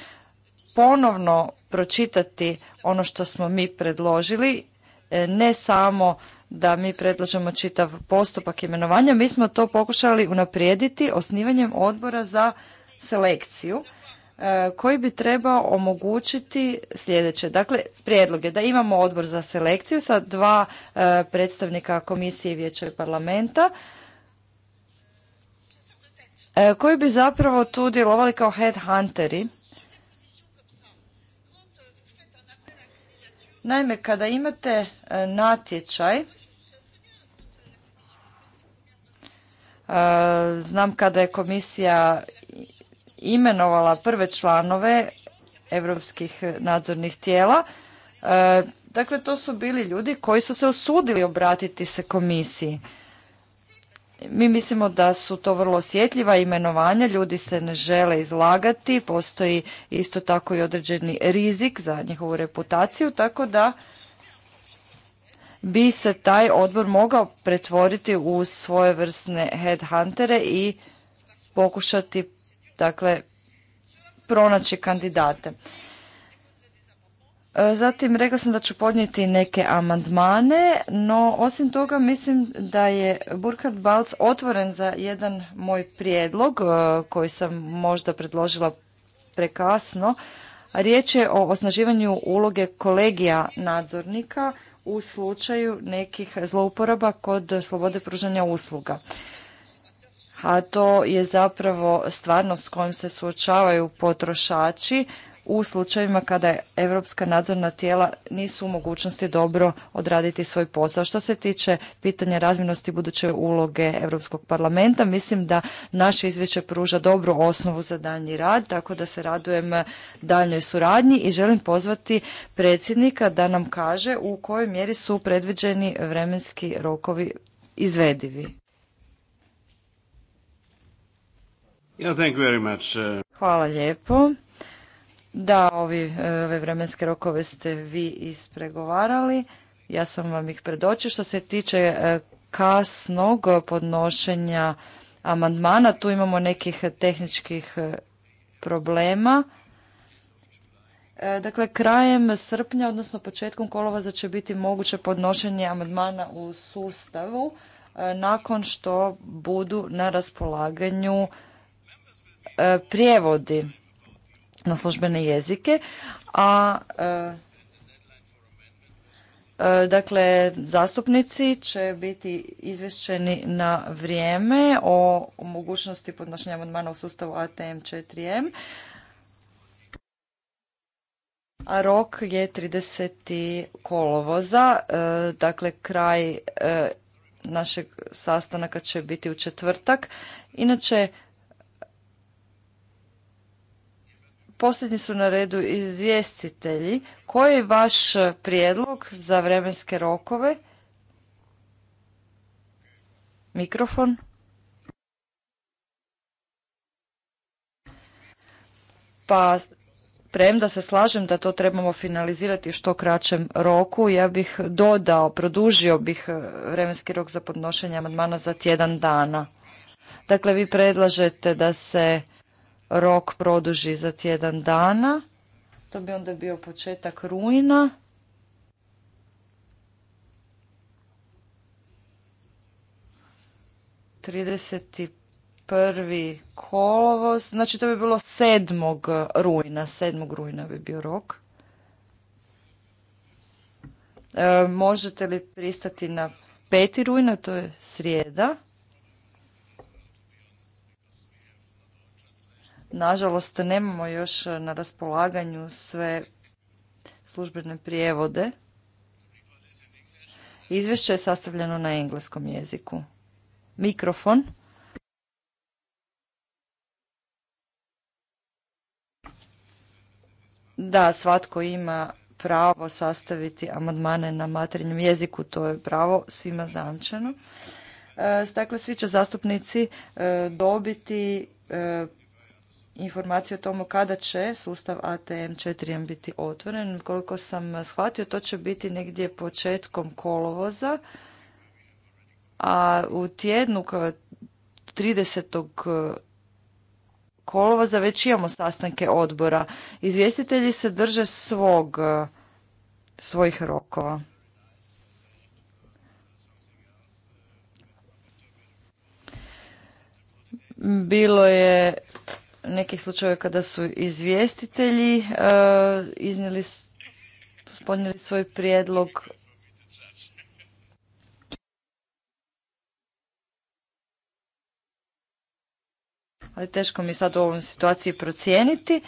ponovno pročitati ono što smo mi predložili, e, ne samo da mi predlažemo čitav postupak imenovanja, mi smo to pokušali unaprijediti osnivanjem odbora za selekciju e, koji bi trebao omogućiti sljedeće. Dakle, prijedlog je da imamo odbor za selekciju sa dva e, predstavnika komisije vijeća i parlamenta, E, koji bi zapravo tu djelovali kao headhunteri. Naime, kada imate e, natječaj, e, znam kada je komisija imenovala prve članove europskih nadzornih tijela, dakle to su bili ljudi koji su se usudili obratiti se komisiji. Mi mislimo da su to vrlo osjetljiva imenovanja, ljudi se ne žele izlagati, postoji isto tako i određeni rizik za njihovu reputaciju, tako da bi se taj odbor mogao pretvoriti u svoje svojevrsne headhuntere i pokušati dakle pronaći kandidate. E, zatim rekla sam da ću podnijeti neke amandmane, no osim toga mislim da je Burkhard Balc otvoren za jedan moj prijedlog e, koji sam možda predložila prekasno. Riječ je o osnaživanju uloge kolegija nadzornika u slučaju nekih zlouporaba kod slobode pružanja usluga. A to je zapravo stvarnost s kojom se suočavaju potrošači u slučajevima kada europska nadzorna tijela nisu u mogućnosti dobro odraditi svoj posao. Što se tiče pitanja razmjernosti buduće uloge Europskog parlamenta, mislim da naše izvješće pruža dobru osnovu za daljnji rad, tako da se radujem daljnoj suradnji i želim pozvati predsjednika da nam kaže u kojoj mjeri su predviđeni vremenski rokovi izvedivi. Uh, Hvala lijepo. Da, ovi, e, ove vremenske rokove ste vi ispregovarali. Ja sam vam ih predoći. Što se tiče e, kasnog podnošenja amandmana, tu imamo nekih tehničkih e, problema. Dakle, krajem srpnja, odnosno početkom kolova, će biti moguće podnošenje amandmana u sustavu nakon što budu na raspolaganju prijevodi na službene jezike, a e, e, Dakle, zastupnici će biti izvješćeni na vrijeme o mogućnosti podnošenja amandmana u sustavu ATM 4M. A rok je 30. kolovoza, e, dakle kraj našeg sastanaka će biti u četvrtak. Inače, Posljednji su na redu izvjestitelji. Koji je vaš prijedlog za vremenske rokove? Mikrofon. Pa premda se slažem da to trebamo finalizirati u što kraćem roku, ja bih dodao, produžio bih e, vremenski rok za podnošenje amandmana za tjedan dana. Dakle, vi predlažete da se rok produži za tjedan dana. To bi onda bio početak rujna. 31. prvi kolovoz, znači to bi bilo 7. rujna, 7. rujna bi bio rok. E, možete li pristati na 5. rujna, to je srijeda. Nažalost, nemamo još na raspolaganju sve službene prijevode. Izvješće je sastavljeno na engleskom jeziku. Mikrofon. Da, svatko ima pravo sastaviti amandmane na materinjem jeziku, to je pravo svima zamčeno. Dakle, e, svi će zastupnici e, dobiti e, informaciju o tomu kada će sustav atm 4 biti otvoren. Koliko sam shvatio, to će biti negdje početkom kolovoza, a u tjednu 30. kolovoza već imamo sastanke odbora. Izvjestitelji se drže svog, svojih rokova. Bilo je nekih slučajeva kada su izvjestitelji e, iznijeli, podnijeli svoj prijedlog ali teško mi sad u ovom situaciji procijeniti.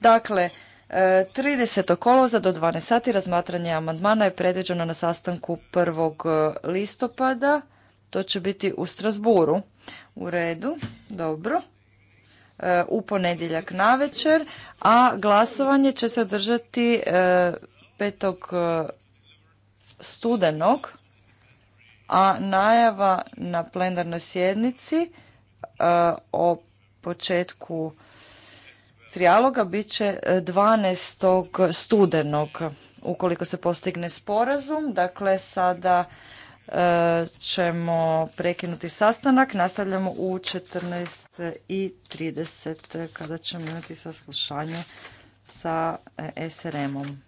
Dakle, 30. E, koloza do 12 sati razmatranje amandmana je predviđeno na sastanku 1. E, listopada. To će biti u Strasburu. U redu, dobro. E, u ponedjeljak navečer, a glasovanje će se održati 5. E, e, studenog, a najava na plenarnoj sjednici o početku trijaloga bit će 12. studenog ukoliko se postigne sporazum. Dakle, sada ćemo prekinuti sastanak. Nastavljamo u 14.30 kada ćemo imati saslušanje sa SRM-om.